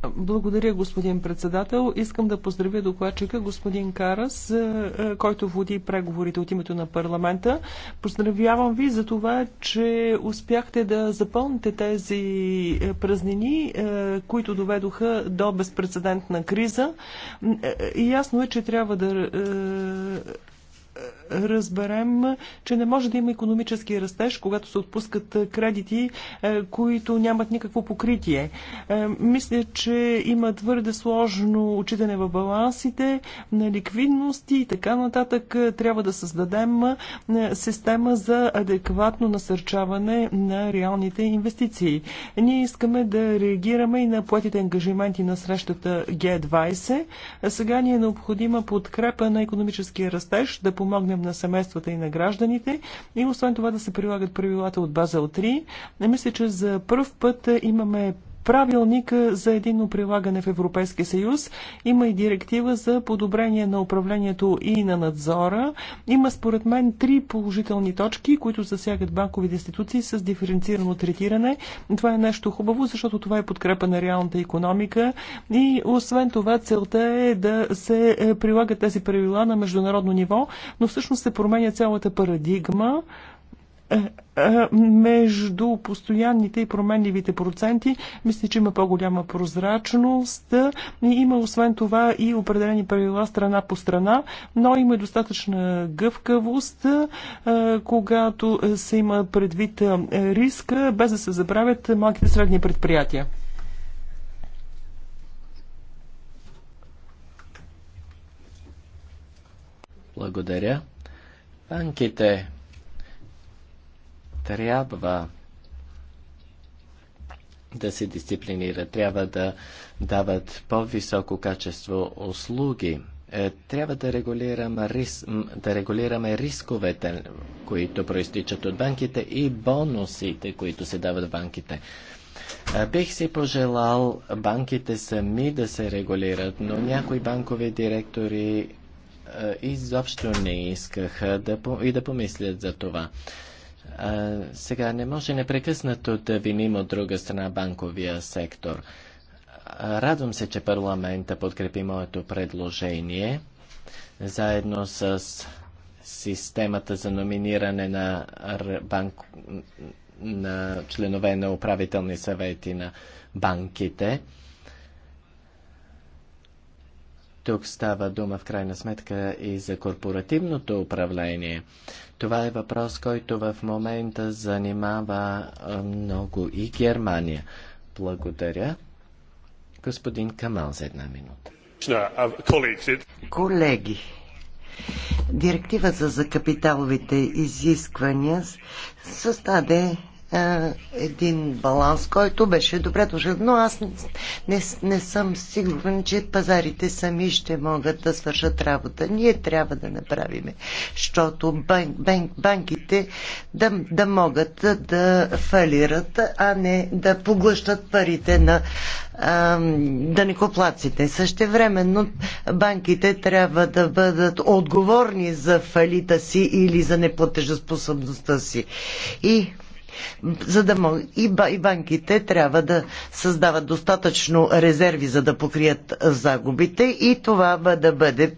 Благодаря, господин председател. Искам да поздравя докладчика господин Карас, е, е, който води преговорите от името на парламента. Поздравявам ви за това, че успяхте да запълните тези е, празнини, които доведоха до безпредседентна криза. Ясно е, че трябва да разберем, че не може да има економически растеж, когато се отпускат кредити, които нямат никакво покритие. Мисля, че има твърде сложно отчитане в балансите, на ликвидности и така нататък. Трябва да създадем система за адекватно насърчаване на реалните инвестиции. Ние искаме да реагираме и на платите ангажименти на срещата G20. Сега ни е необходима подкрепа на економическия растеж, да помогнем на семействата и на гражданите и освен това да се прилагат правилата от база от 3. Мисля, че за първ път имаме правилника за единно прилагане в Европейския съюз, има и директива за подобрение на управлението и на надзора. Има според мен три положителни точки, които засягат банковите институции с диференцирано третиране. Това е нещо хубаво, защото това е подкрепа на реалната економика и освен това целта е да се е, прилагат тези правила на международно ниво, но всъщност се променя цялата парадигма. Е, е, между постоянните и променливите проценти. Мисля, че има по-голяма прозрачност. Има освен това и определени правила страна по страна, но има и достатъчна гъвкавост, е, когато се има предвид риска, без да се забравят малките средни предприятия. Благодаря. Банките трябва да се дисциплинират, трябва да дават по-високо качество услуги. Е, трябва да регулираме, рис, да регулираме рисковете, които проистичат от банките и бонусите, които се дават в банките. Е, бих си пожелал банките сами да се регулират, но някои банкови директори е, изобщо не искаха да, и да помислят за това. А, сега не може непрекъснато да виним от друга страна банковия сектор. Радвам се, че парламента подкрепи моето предложение заедно с системата за номиниране на, банк... на членове на управителни съвети на банките. Тук става дума в крайна сметка и за корпоративното управление. Това е въпрос, който в момента занимава много и Германия. Благодаря. Господин Камал за една минута. Колеги, директива за капиталовите изисквания създаде е, един баланс, който беше добре дошъл, но аз не, не, не съм сигурен, че пазарите сами ще могат да свършат работа. Ние трябва да направим, защото банк, банк, банките да, да могат да фалират, а не да поглъщат парите на данекоплаците. Същевременно банките трябва да бъдат отговорни за фалита си или за неплатежоспособността си. И за да мог... и банките трябва да създават достатъчно резерви, за да покрият загубите и това да бъде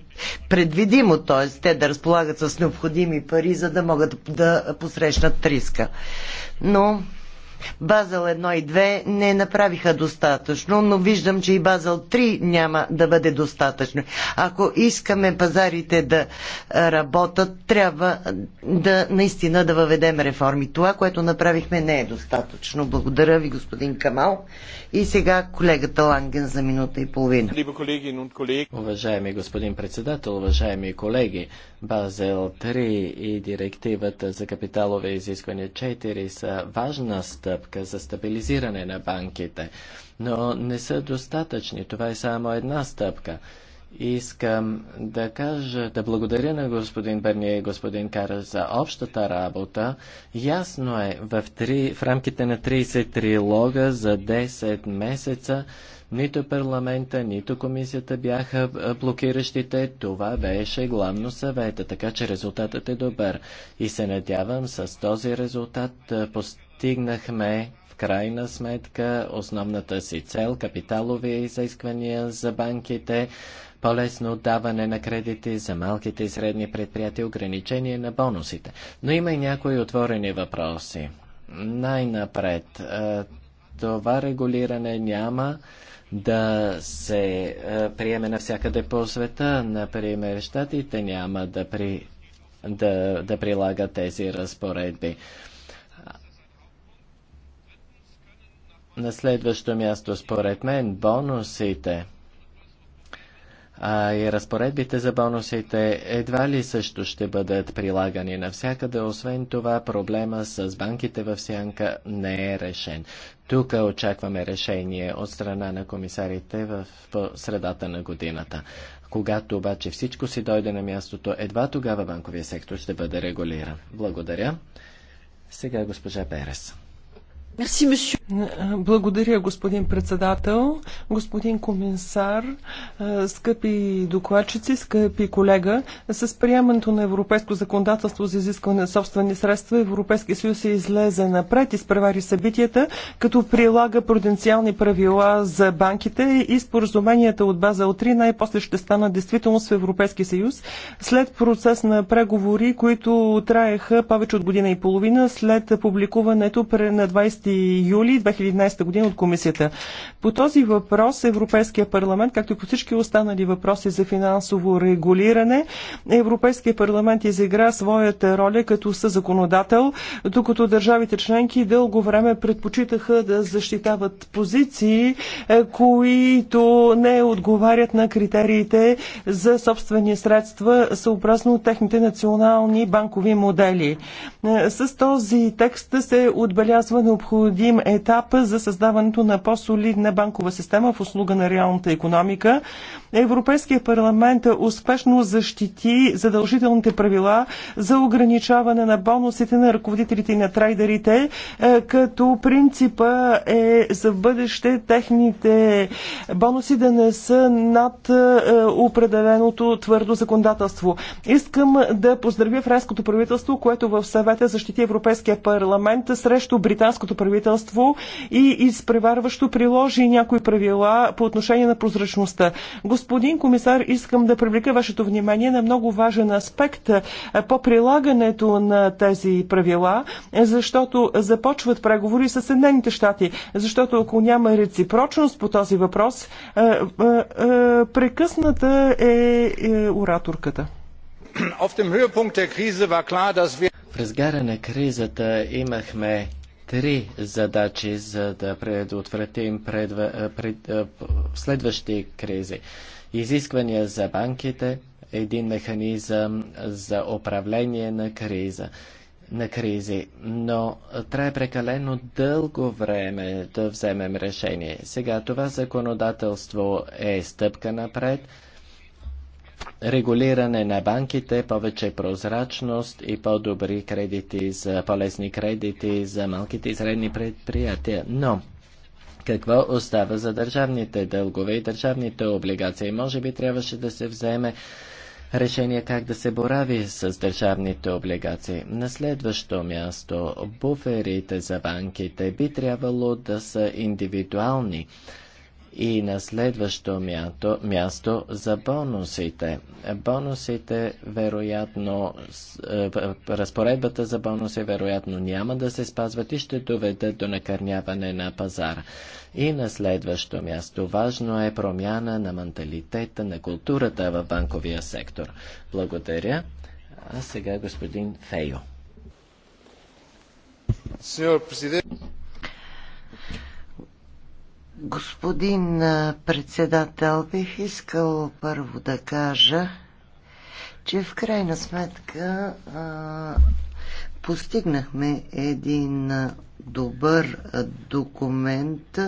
предвидимо, т.е. те да разполагат с необходими пари, за да могат да посрещнат риска. Но Базел 1 и 2 не направиха достатъчно, но виждам, че и Базел 3 няма да бъде достатъчно. Ако искаме пазарите да работят, трябва да наистина да въведем реформи. Това, което направихме, не е достатъчно. Благодаря ви, господин Камал. И сега колегата Ланген за минута и половина. Уважаеми господин председател, уважаеми колеги, Базел 3 и директивата за капиталове изисквания 4 са важна стъпка за стабилизиране на банките, но не са достатъчни. Това е само една стъпка. Искам да кажа, да благодаря на господин Берния и господин Кара за общата работа. Ясно е, в, 3, в рамките на 30 трилога за 10 месеца нито парламента, нито комисията бяха блокиращите. Това беше главно съвета, така че резултатът е добър. И се надявам с този резултат постигнахме в крайна сметка основната си цел, капиталови изисквания за банките, по-лесно отдаване на кредити за малките и средни предприятия, ограничение на бонусите. Но има и някои отворени въпроси. Най-напред, това регулиране няма да се е, приеме навсякъде по света. Например, щатите няма да, при, да, да прилагат тези разпоредби. На следващо място, според мен, бонусите – а и разпоредбите за бонусите едва ли също ще бъдат прилагани навсякъде. Освен това, проблема с банките в Сянка не е решен. Тук очакваме решение от страна на комисарите в средата на годината. Когато обаче всичко си дойде на мястото, едва тогава банковия сектор ще бъде регулиран. Благодаря. Сега госпожа Перес. Благодаря, господин председател, господин комисар, скъпи докладчици, скъпи колега. С приемането на европейско законодателство за изискване на собствени средства, Европейския съюз се излезе напред, и спревари събитията, като прилага пруденциални правила за банките и споразуменията от база от 3 най-после ще стана действителност в Европейския съюз. След процес на преговори, които траеха повече от година и половина, след публикуването на 20 15 юли 2011 година от комисията. По този въпрос Европейския парламент, както и по всички останали въпроси за финансово регулиране, Европейския парламент изигра своята роля като съзаконодател, докато държавите членки дълго време предпочитаха да защитават позиции, е, които не отговарят на критериите за собствени средства съобразно техните национални банкови модели. Е, с този текст се отбелязва необходимост необходим етап за създаването на по-солидна банкова система в услуга на реалната економика. Европейския парламент успешно защити задължителните правила за ограничаване на бонусите на ръководителите и на трейдерите, е, като принципа е за бъдеще техните бонуси да не са над е, определеното твърдо законодателство. Искам да поздравя френското правителство, което в съвета защити Европейския парламент срещу британското правителство и изпреварващо приложи някои правила по отношение на прозрачността. Господин комисар, искам да привлека вашето внимание на много важен аспект по прилагането на тези правила, защото започват преговори с Съединените щати, защото ако няма реципрочност по този въпрос, прекъсната е, е ораторката. В разгара на кризата имахме три задачи, за да предотвратим предва, пред, следващи кризи. Изисквания за банките, един механизъм за управление на криза на кризи, но трябва прекалено дълго време да вземем решение. Сега това законодателство е стъпка напред, регулиране на банките, повече прозрачност и по-добри кредити, за, полезни кредити за малките и средни предприятия. Но какво остава за държавните дългове и държавните облигации? Може би трябваше да се вземе решение как да се борави с държавните облигации. На следващо място, буферите за банките би трябвало да са индивидуални и на следващо място, място за бонусите. Бонусите, вероятно, е, разпоредбата за бонуси, вероятно, няма да се спазват и ще доведат до накърняване на пазара. И на следващо място, важно е промяна на менталитета, на културата в банковия сектор. Благодаря. А сега господин Фейо. Сеньор президент, Господин председател, бих искал първо да кажа, че в крайна сметка а, постигнахме един добър документ,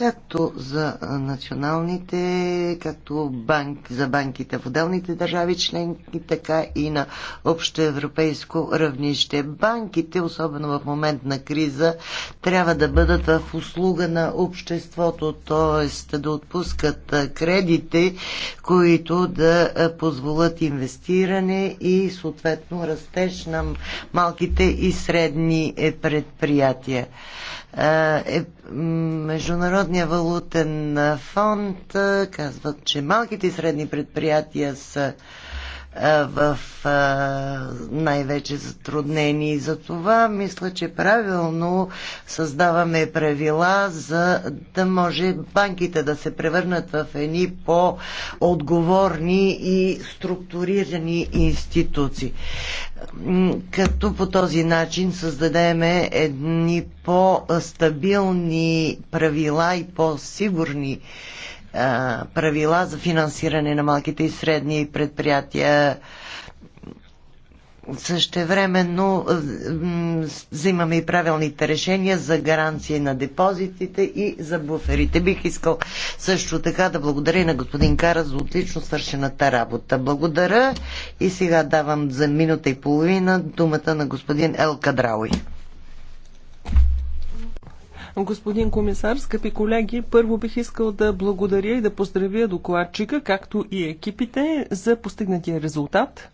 както за националните, както банк, за банките в отделните държави членки, така и на общоевропейско равнище. Банките, особено в момент на криза, трябва да бъдат в услуга на обществото, т.е. да отпускат кредити, които да позволят инвестиране и съответно растеж на малките и средни предприятия. Е, Международния валутен фонд казват, че малките и средни предприятия са в най-вече затруднени. И за това мисля, че правилно създаваме правила, за да може банките да се превърнат в едни по-отговорни и структурирани институции. Като по този начин създадеме едни по-стабилни правила и по-сигурни правила за финансиране на малките и средни предприятия. Същевременно взимаме и правилните решения за гаранции на депозитите и за буферите. Бих искал също така да благодаря на господин Кара за отлично свършената работа. Благодаря и сега давам за минута и половина думата на господин Ел Кадрауи господин комисар, скъпи колеги, първо бих искал да благодаря и да поздравя докладчика, както и екипите за постигнатия резултат.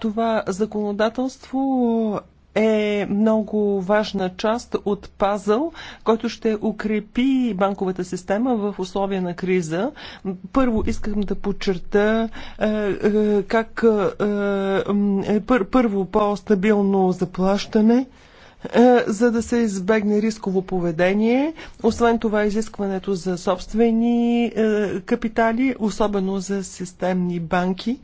Това законодателство е много важна част от пазъл, който ще укрепи банковата система в условия на криза. Първо искам да подчерта е, е, как е, първо по-стабилно заплащане, е, за да се избегне рисково поведение. Освен това, изискването за собствени е, капитали, особено за системни банки,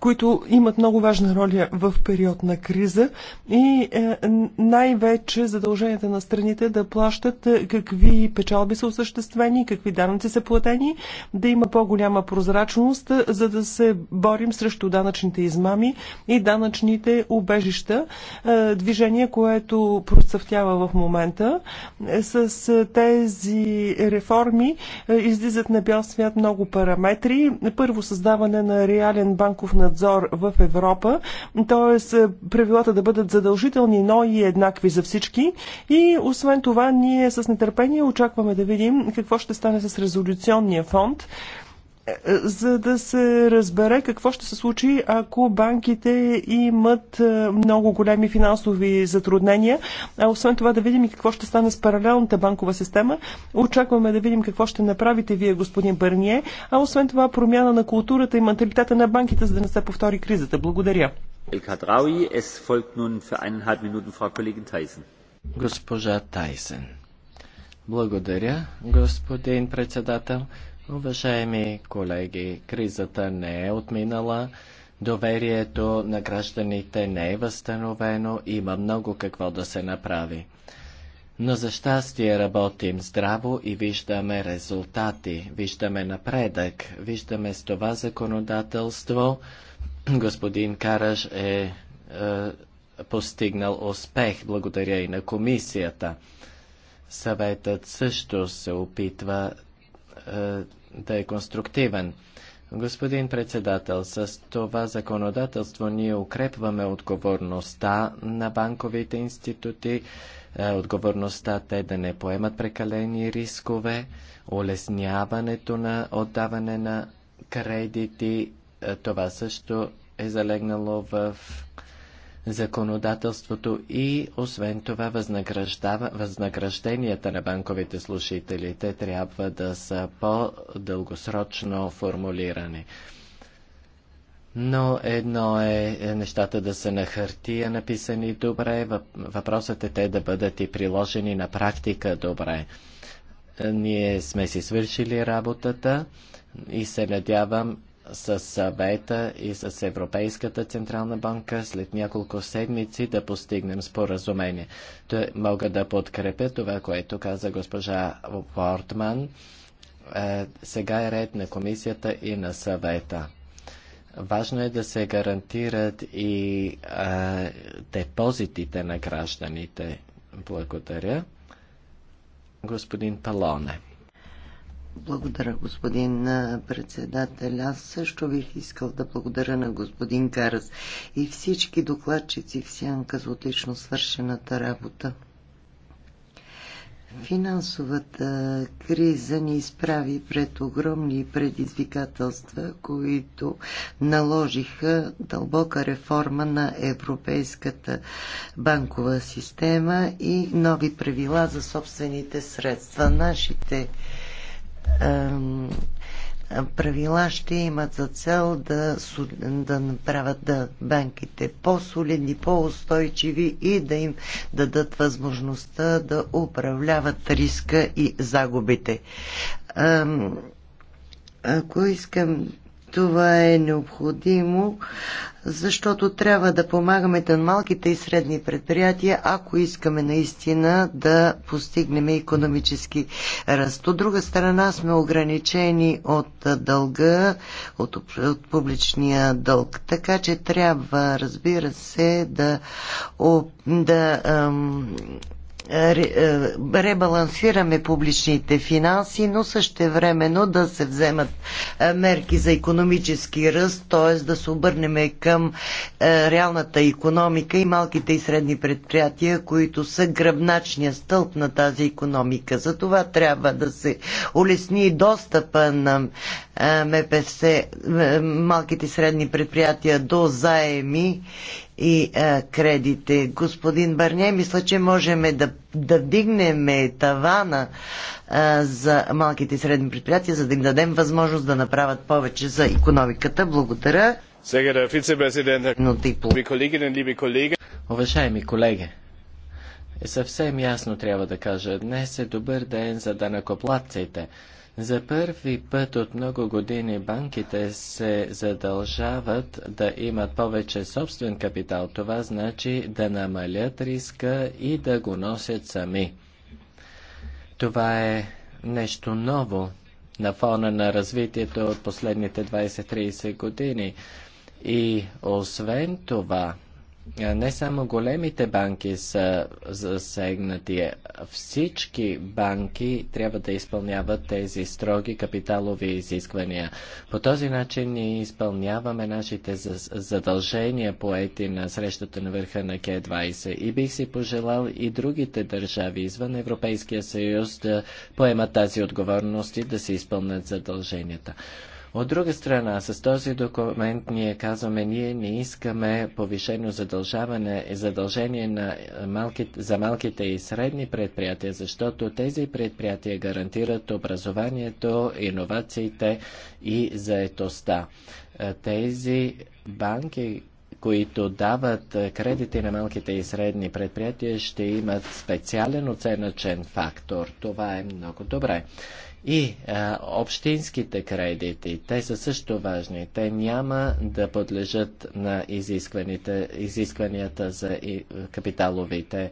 които имат много важна роля в период на криза и е, най-вече задълженията на страните да плащат е, какви печалби са осъществени, какви данъци са платени, да има по-голяма прозрачност, е, за да се борим срещу данъчните измами и данъчните убежища. Движение, което процъфтява в момента. С тези реформи излизат на бял свят много параметри. Първо създаване на реален банков надзор надзор в Европа, т.е. правилата да бъдат задължителни, но и еднакви за всички. И освен това, ние с нетърпение очакваме да видим какво ще стане с резолюционния фонд. Е, за да се разбере какво ще се случи, ако банките имат е, много големи финансови затруднения. А освен това да видим и какво ще стане с паралелната банкова система. Очакваме да видим какво ще направите вие, господин Бърние. А освен това промяна на културата и менталитета на банките, за да не се повтори кризата. Благодаря. Госпожа Тайсен. Благодаря, господин председател. Уважаеми колеги, кризата не е отминала, доверието на гражданите не е възстановено, има много какво да се направи. Но за щастие работим здраво и виждаме резултати, виждаме напредък, виждаме с това законодателство. Господин Караш е, е постигнал успех благодаря и на комисията. Съветът също се опитва е, да е конструктивен. Господин председател, с това законодателство ние укрепваме отговорността на банковите институти, е, отговорността те да не поемат прекалени рискове, улесняването на отдаване на кредити. Е, това също е залегнало в законодателството и освен това възнагражденията на банковите служители. Те трябва да са по-дългосрочно формулирани. Но едно е, е нещата да са на хартия написани добре, въпросът е те да бъдат и приложени на практика добре. Ние сме си свършили работата и се надявам с съвета и с Европейската централна банка след няколко седмици да постигнем споразумение. Той мога да подкрепя това, което каза госпожа Портман. Е, сега е ред на комисията и на съвета. Важно е да се гарантират и а, е, депозитите на гражданите. Благодаря. Господин Палоне. Благодаря, господин председател. Аз също бих искал да благодаря на господин Карас и всички докладчици в сянка за отлично свършената работа. Финансовата криза ни изправи пред огромни предизвикателства, които наложиха дълбока реформа на Европейската банкова система и нови правила за собствените средства. Нашите правила ще имат за цел да, да направят да банките по-солидни, по-устойчиви и да им дадат възможността да управляват риска и загубите. Ако искам това е необходимо, защото трябва да помагаме на малките и средни предприятия, ако искаме наистина да постигнем економически ръст. От друга страна сме ограничени от дълга, от, от публичния дълг, така че трябва, разбира се, да, да ам, е, ребалансираме публичните финанси, но също времено да се вземат е, мерки за економически ръст, т.е. да се обърнем към е, реалната економика и малките и средни предприятия, които са гръбначния стълб на тази економика. За това трябва да се улесни достъпа на МПС, малките и средни предприятия до заеми и а, кредите. Господин Барне, мисля, че можем да, да вдигнем тавана а, за малките и средни предприятия, за да им дадем възможност да направят повече за економиката. Благодаря. Уважаеми колеги, е съвсем ясно трябва да кажа, днес е добър ден за данакоплатците. За първи път от много години банките се задължават да имат повече собствен капитал. Това значи да намалят риска и да го носят сами. Това е нещо ново на фона на развитието от последните 20-30 години. И освен това, не само големите банки са засегнати. Всички банки трябва да изпълняват тези строги капиталови изисквания. По този начин ние изпълняваме нашите задължения поети на срещата на върха на К20 и бих си пожелал и другите държави извън Европейския съюз да поемат тази отговорност и да се изпълнят задълженията. От друга страна, с този документ ние казваме, ние не искаме повишено задължаване, задължение на малките, за малките и средни предприятия, защото тези предприятия гарантират образованието, иновациите и заетостта. Е, тези банки, които дават кредити на малките и средни предприятия, ще имат специален оценъчен фактор. Това е много добре. И а, общинските кредити, те са също важни. Те няма да подлежат на изискванията за и, капиталовите,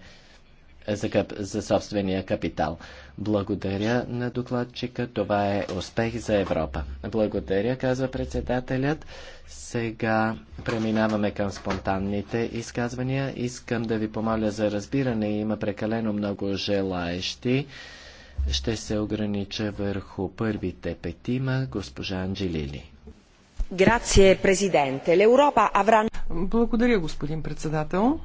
за, кап, за собствения капитал. Благодаря на докладчика. Това е успех за Европа. Благодаря, казва председателят. Сега преминаваме към спонтанните изказвания. Искам да ви помоля за разбиране. Има прекалено много желаещи. Ще се огранича върху първите петима госпожа Анджелили. Благодаря, господин председател.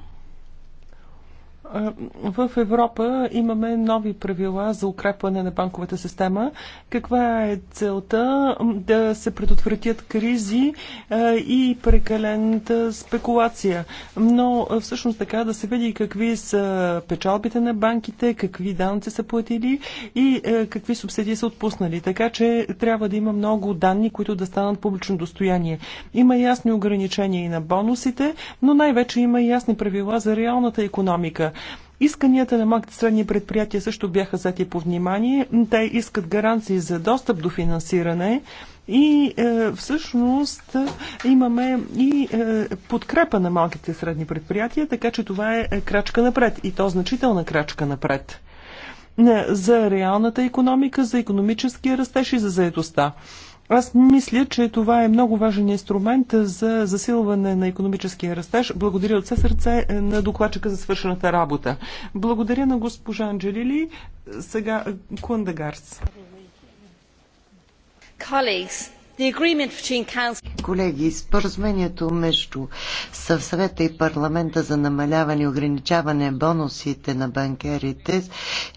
В Европа имаме нови правила за укрепване на банковата система. Каква е целта да се предотвратят кризи и прекалената спекулация? Но всъщност така да се види какви са печалбите на банките, какви данци са платили и какви субсидии са отпуснали. Така че трябва да има много данни, които да станат публично достояние. Има ясни ограничения и на бонусите, но най-вече има ясни правила за реалната економика. Исканията на малките средни предприятия също бяха взети по внимание. Те искат гаранции за достъп до финансиране и е, всъщност имаме и е, подкрепа на малките средни предприятия, така че това е, е крачка напред и то значителна крачка напред е, за реалната економика, за економическия растеж и за заедостта. Аз мисля, че това е много важен инструмент за засилване на економическия растеж. Благодаря от все сърце е, на докладчика за свършената работа. Благодаря на госпожа Анджелили. Сега е, Кундагарс. Колеги, споразумението между съвета и парламента за намаляване и ограничаване бонусите на банкерите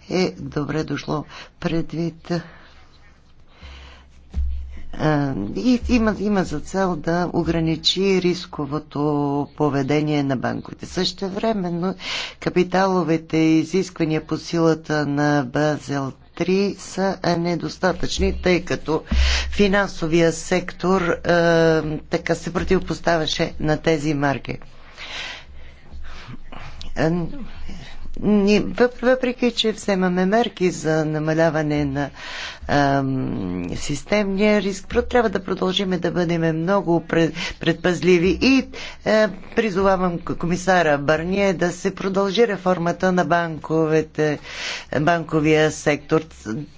е добре дошло предвид е, и има, има за цел да ограничи рисковото поведение на банковите. Също времено капиталовите изисквания по силата на Базел 3 са недостатъчни, тъй като финансовия сектор е, така се противопоставяше на тези марки е, въпреки, че вземаме мерки за намаляване на ам, системния риск, трябва да продължиме да бъдем много предпазливи и а, е, призовавам комисара Барние да се продължи реформата на банковете, банковия сектор.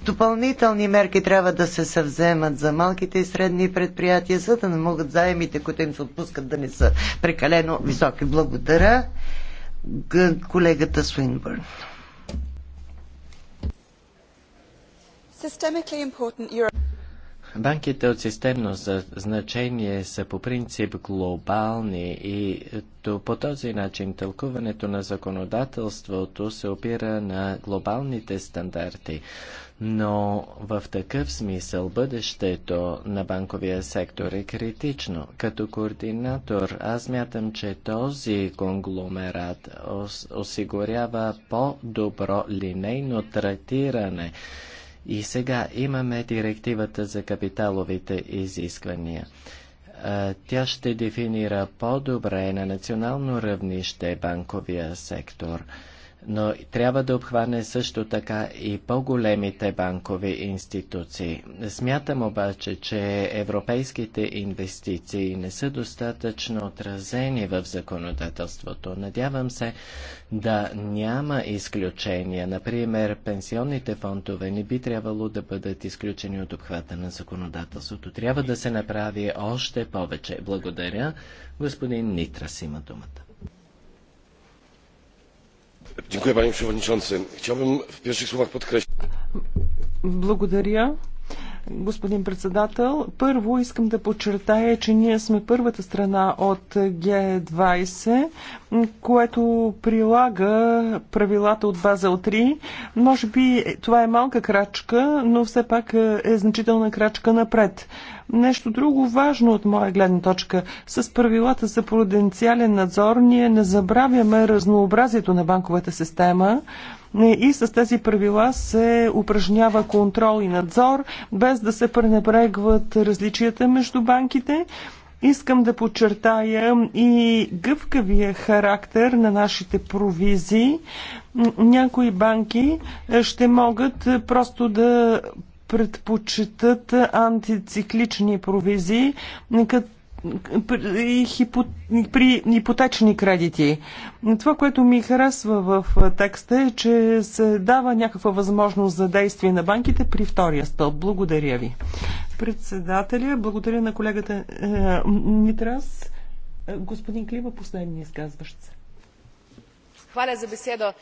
Допълнителни мерки трябва да се съвземат за малките и средни предприятия, за да не могат заемите, които им се отпускат, да не са прекалено високи. Благодаря колегата Свинбърн. Банките от системно значение са по принцип глобални и по този начин тълкуването на законодателството се опира на глобалните стандарти но в такъв смисъл бъдещето на банковия сектор е критично. Като координатор аз мятам, че този конгломерат осигурява по-добро линейно третиране. И сега имаме директивата за капиталовите изисквания. Тя ще дефинира по-добре на национално равнище банковия сектор – но трябва да обхване също така и по-големите банкови институции. Смятам обаче, че европейските инвестиции не са достатъчно отразени в законодателството. Надявам се да няма изключения. Например, пенсионните фондове не би трябвало да бъдат изключени от обхвата на законодателството. Трябва да се направи още повече. Благодаря. Господин Нитрас има думата. Dziękuję panie przewodniczący. Chciałbym w pierwszych słowach podkreślić. Благодаря господин председател. Първо искам да подчертая, че ние сме първата страна от Г20, което прилага правилата от Базел 3. Може би това е малка крачка, но все пак е значителна крачка напред. Нещо друго важно от моя гледна точка. С правилата за пруденциален надзор ние не забравяме разнообразието на банковата система и с тези правила се упражнява контрол и надзор, без да се пренебрегват различията между банките. Искам да подчертая и гъвкавия характер на нашите провизии. Някои банки е, ще могат е, просто да предпочитат антициклични провизии, е, като при, ипотечни кредити. Това, което ми харесва в текста е, че се дава някаква възможност за действие на банките при втория стълб. Благодаря ви. Председателя, благодаря на колегата е, Нитрас. Е, господин Клива, последния изказващ се. Хваля за беседа.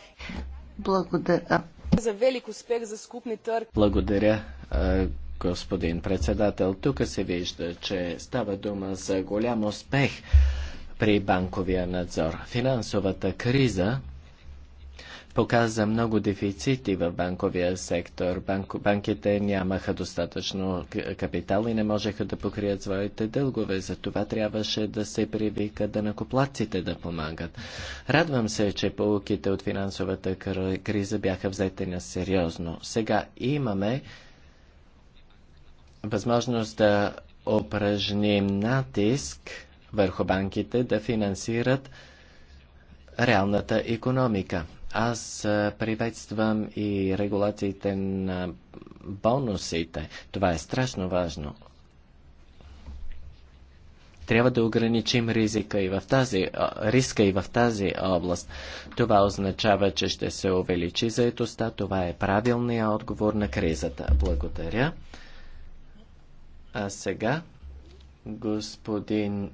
Благодаря. За велик успех за скупни търг. Благодаря. Е, господин председател. Тук се вижда, че става дума за голям успех при банковия надзор. Финансовата криза показа много дефицити в банковия сектор. Банк, банките нямаха достатъчно капитал и не можеха да покрият своите дългове. За това трябваше да се привика да накоплаците да помагат. Радвам се, че полуките от финансовата криза бяха взети на сериозно. Сега имаме възможност да упражним натиск върху банките да финансират реалната економика. Аз приветствам и регулациите на бонусите. Това е страшно важно. Трябва да ограничим ризика и в тази, риска и в тази област. Това означава, че ще се увеличи заетостта. Това е правилният отговор на кризата. Благодаря. А сега господин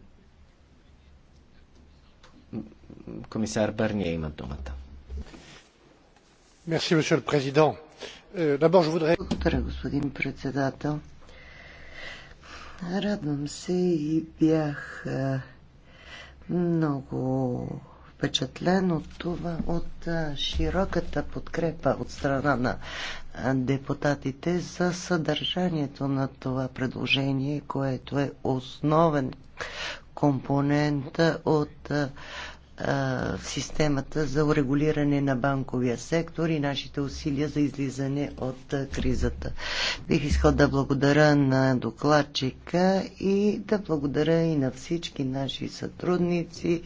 комисар Бърния има думата. Euh, Благодаря, господин председател. Радвам се и бях много впечатлен от това, от широката подкрепа от страна на депутатите за съдържанието на това предложение, което е основен компонент от в системата за урегулиране на банковия сектор и нашите усилия за излизане от кризата. Бих искал да благодаря на докладчика и да благодаря и на всички наши сътрудници,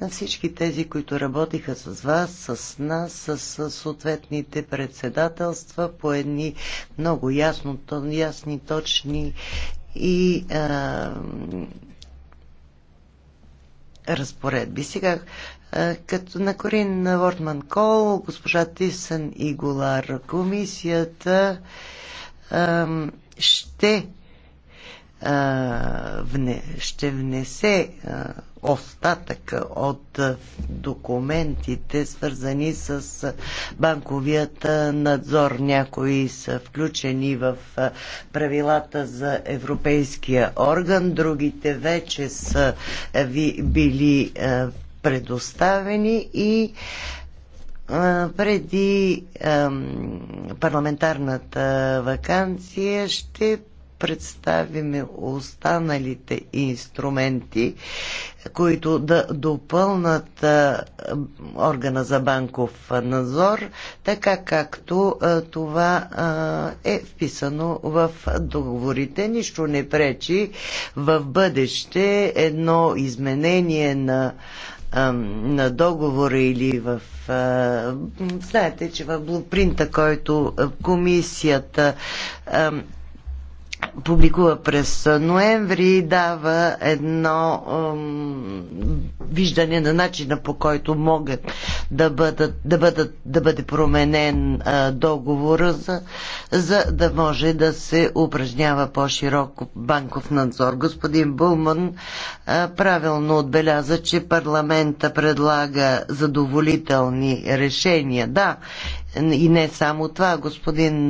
на всички тези, които работиха с вас, с нас, с съответните председателства по едни много ясно, ясни, точни и а, разпоредби. Сега, като на Корин Вортман Кол, госпожа Тисън и Голар, комисията ще, ще внесе остатъка от документите, свързани с банковият надзор. Някои са включени в правилата за Европейския орган, другите вече са ви били предоставени и преди парламентарната вакансия ще представиме останалите инструменти, които да допълнат органа за банков надзор, така както това е вписано в договорите. Нищо не пречи в бъдеще едно изменение на на договора или в... Знаете, че в блупринта, който комисията публикува през ноември, и дава едно ем, виждане на начина по който могат да, бъдат, да, бъдат, да бъде променен е, договора, за, за да може да се упражнява по-широко банков надзор. Господин Булман е, правилно отбеляза, че парламента предлага задоволителни решения. Да, и не само това, господин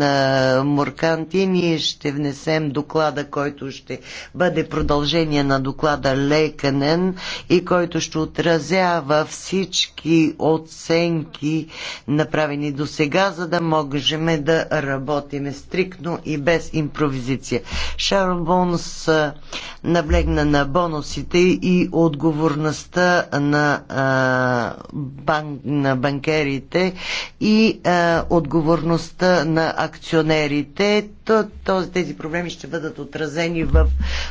Морканти, ние ще внесем доклада, който ще бъде продължение на доклада Лейканен и който ще отразява всички оценки, направени до сега, за да можем да работиме стриктно и без импровизиция. Шарон Бонс наблегна на бонусите и отговорността на, бан, на банкерите и а, отговорността на акционерите. тези проблеми ще бъдат отразени в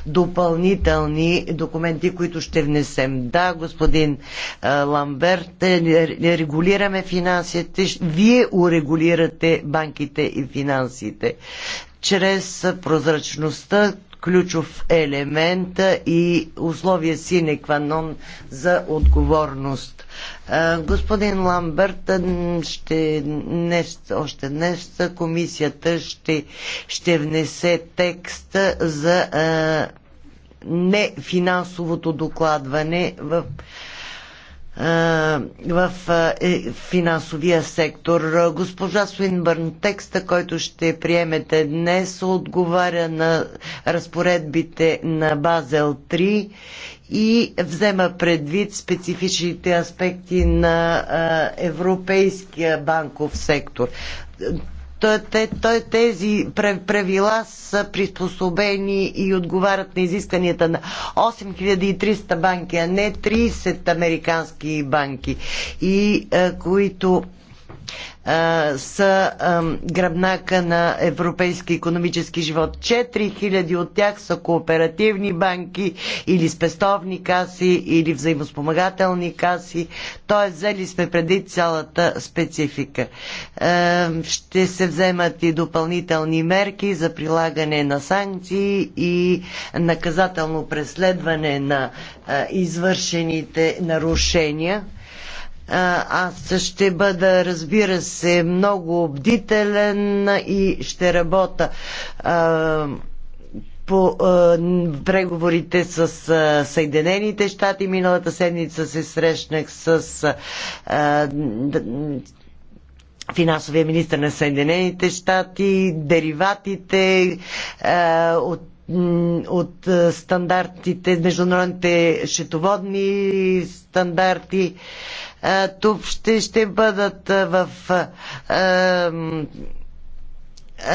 допълнителни документи, които ще внесем. Да, господин а, Ламберт, е, е, е, регулираме финансите. Вие урегулирате банките и финансите чрез прозрачността, ключов елемент и условие синекванон за отговорност. Господин Ламберт, ще днес, още днес комисията ще, ще внесе текст за нефинансовото докладване в в е, финансовия сектор. Госпожа Суинбърн, текста, който ще приемете днес, отговаря на разпоредбите на Базел 3 и взема предвид специфичните аспекти на европейския банков сектор тези правила са приспособени и отговарят на изискванията на 8300 банки, а не 30 американски банки, и е, които са гръбнака на европейски економически живот. 4000 от тях са кооперативни банки или спестовни каси или взаимоспомагателни каси. Т.е. взели сме преди цялата специфика. Ще се вземат и допълнителни мерки за прилагане на санкции и наказателно преследване на извършените нарушения. Аз ще бъда, разбира се, много бдителен и ще работя по а, преговорите с а, Съединените щати. Миналата седмица се срещнах с а, д, финансовия министр на Съединените щати, дериватите а, от от стандартите, международните счетоводни стандарти тук ще, ще бъдат в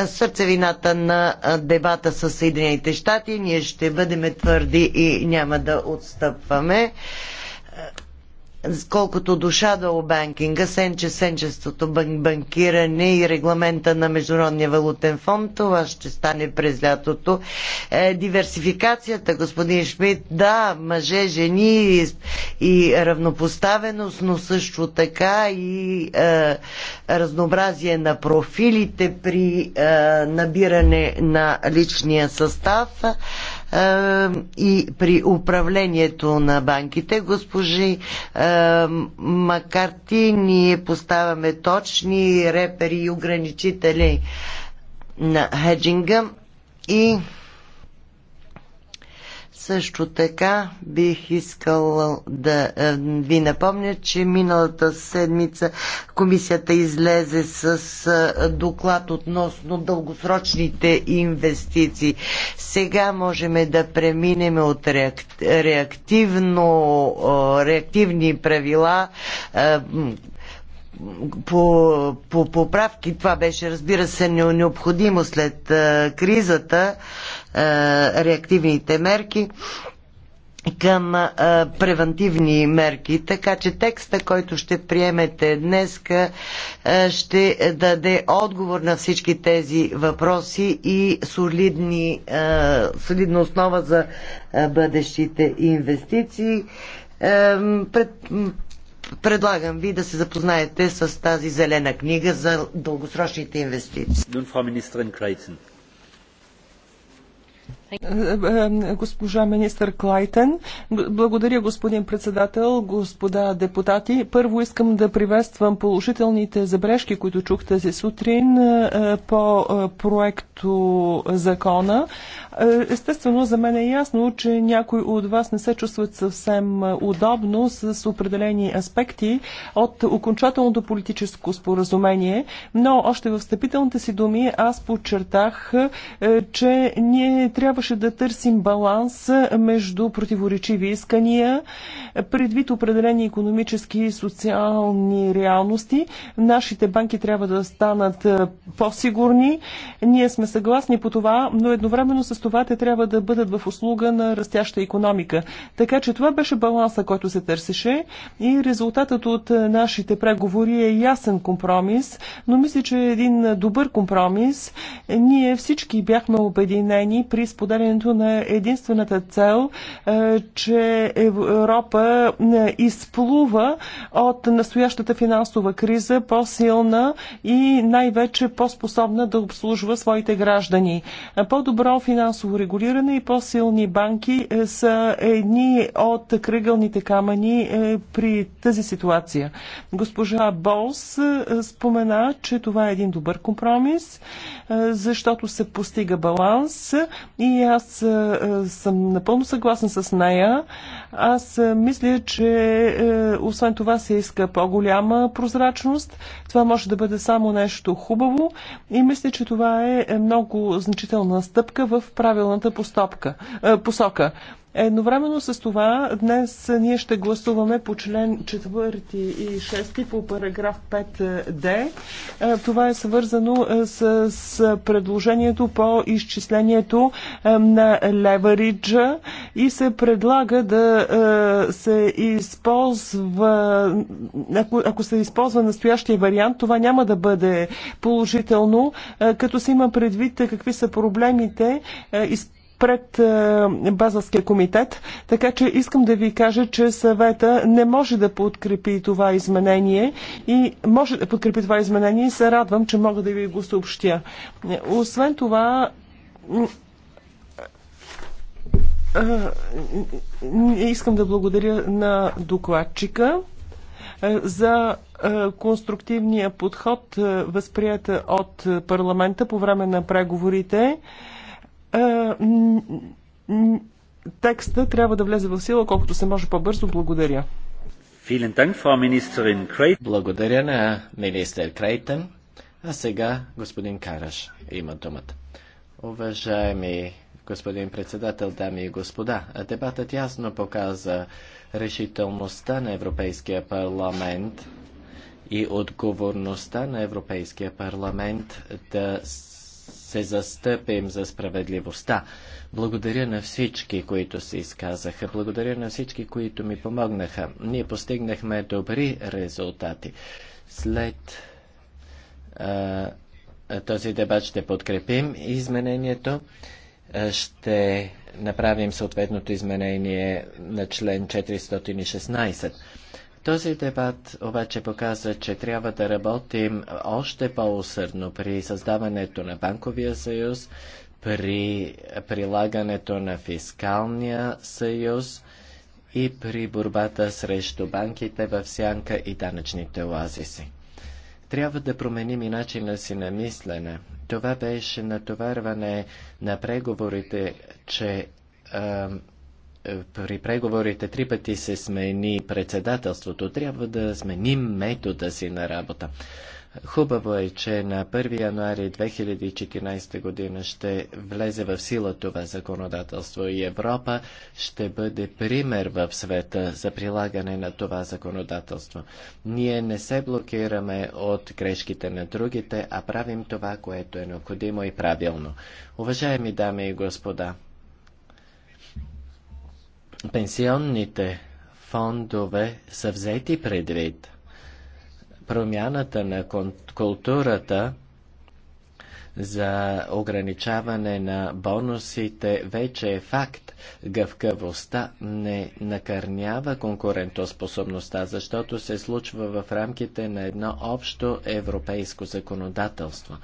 сърцевината на дебата с Съединените щати. Ние ще бъдем твърди и няма да отстъпваме колкото до шадоу банкинга, сенче, сенчеството, бан- банкиране и регламента на Международния валутен фонд, това ще стане през лятото. Е, диверсификацията, господин Шмидт, да, мъже, жени и, и равнопоставеност, но също така и е, разнообразие на профилите при е, набиране на личния състав. Е, е, и при управлението на банките. Госпожи е, Макарти, ние поставяме точни репери и ограничители на хеджинга и също така бих искал да е, ви напомня, че миналата седмица комисията излезе с е, доклад относно дългосрочните инвестиции. Сега можем да преминем от реактивно, е, реактивни правила по, по поправки. Това беше, разбира се, необходимо след кризата е, реактивните мерки към е, превентивни мерки. Така че текста, който ще приемете днес, е, ще даде отговор на всички тези въпроси и солидни, солидна основа за бъдещите инвестиции. пред, предлагам ви да се запознаете с тази зелена книга за дългосрочните инвестиции. Госпожа министър Клайтен, благодаря господин председател, господа депутати. Първо искам да приветствам положителните забрежки, които чух тази сутрин е, по е, проекто закона. Е, естествено, за мен е ясно, че някои от вас не се чувстват съвсем удобно с определени аспекти от окончателното политическо споразумение, но още в встъпителните си думи аз подчертах, че ние трябва трябваше да търсим баланс между противоречиви искания, предвид определени економически и социални реалности. Нашите банки трябва да станат е, по-сигурни. Ние сме съгласни по това, но едновременно с това те трябва да бъдат в услуга на растяща економика. Така че това беше баланса, който се търсеше и резултатът от е, нашите преговори е ясен компромис, но мисля, че е един е, добър компромис. Ние всички бяхме обединени при споделението споделянето на единствената цел, е, че Европа е, изплува от настоящата финансова криза по-силна и най-вече по-способна да обслужва своите граждани. Е, по-добро финансово регулиране и по-силни банки са едни от кръгълните камъни при тази ситуация. Госпожа Болс спомена, че това е един добър компромис, защото се постига баланс и аз е, е, съм напълно съгласна с нея. Аз е, мисля, че е, освен това се иска по-голяма прозрачност. Това може да бъде само нещо хубаво и мисля, че това е, е много значителна стъпка в правилната постъпка, посока. Едновременно с това днес ние ще гласуваме по член 4 и 6 по параграф 5d. Това е свързано с, с предложението по изчислението на левериджа и се предлага да е, се използва, ако, ако се използва настоящия вариант, това няма да бъде положително, е, като се има предвид какви са проблемите е, пред Базълския комитет, така че искам да ви кажа, че съвета не може да подкрепи това изменение и може да подкрепи това изменение и се радвам, че мога да ви го съобщя. Освен това, Искам да благодаря на докладчика за конструктивния подход, възприята от парламента по време на преговорите. Текста трябва да влезе в сила колкото се може по-бързо. Благодаря. Благодаря на министър Крейтън. А сега господин Караш има думата. Уважаеми господин председател, дами и господа. Дебатът ясно показа решителността на Европейския парламент и отговорността на Европейския парламент да се застъпим за справедливостта. Благодаря на всички, които се изказаха. Благодаря на всички, които ми помогнаха. Ние постигнахме добри резултати. След а, този дебат ще подкрепим изменението. Е, ще направим съответното изменение на член 416. Този дебат обаче показва, че трябва да работим още по-усърдно при създаването на банковия съюз, при прилагането на фискалния съюз и при борбата срещу банките в сянка и данъчните оазиси. Трябва да променим и начина си на мислене. Това беше натоварване на преговорите, че а, при преговорите три пъти се смени председателството. Трябва да сменим метода си на работа. Хубаво е, че на 1 януари 2014 година ще влезе в сила това законодателство и Европа ще бъде пример в света за прилагане на това законодателство. Ние не се блокираме от грешките на другите, а правим това, което е необходимо и правилно. Уважаеми дами и господа, пенсионните фондове са взети предвид промяната на културата за ограничаване на бонусите вече е факт. Гъвкавостта не накърнява конкурентоспособността, защото се случва в рамките на едно общо европейско законодателство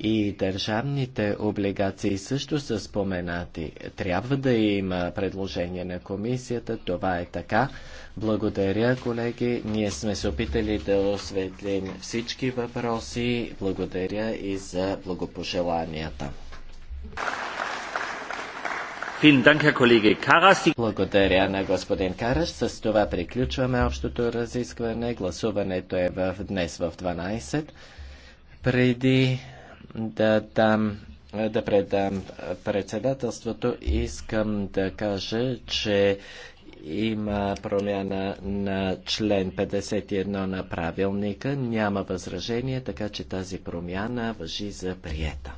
и държавните облигации също са споменати. Трябва да има предложение на комисията, това е така. Благодаря, колеги. Ние сме се опитали да осветлим всички въпроси. Благодаря и за благопожеланията. Благодаря на господин Караш. С това приключваме общото разискване. Гласуването е в, днес в 12. Преди да дам да предам председателството, искам да кажа, че има промяна на член 51 на правилника, няма възражение, така че тази промяна въжи за приета.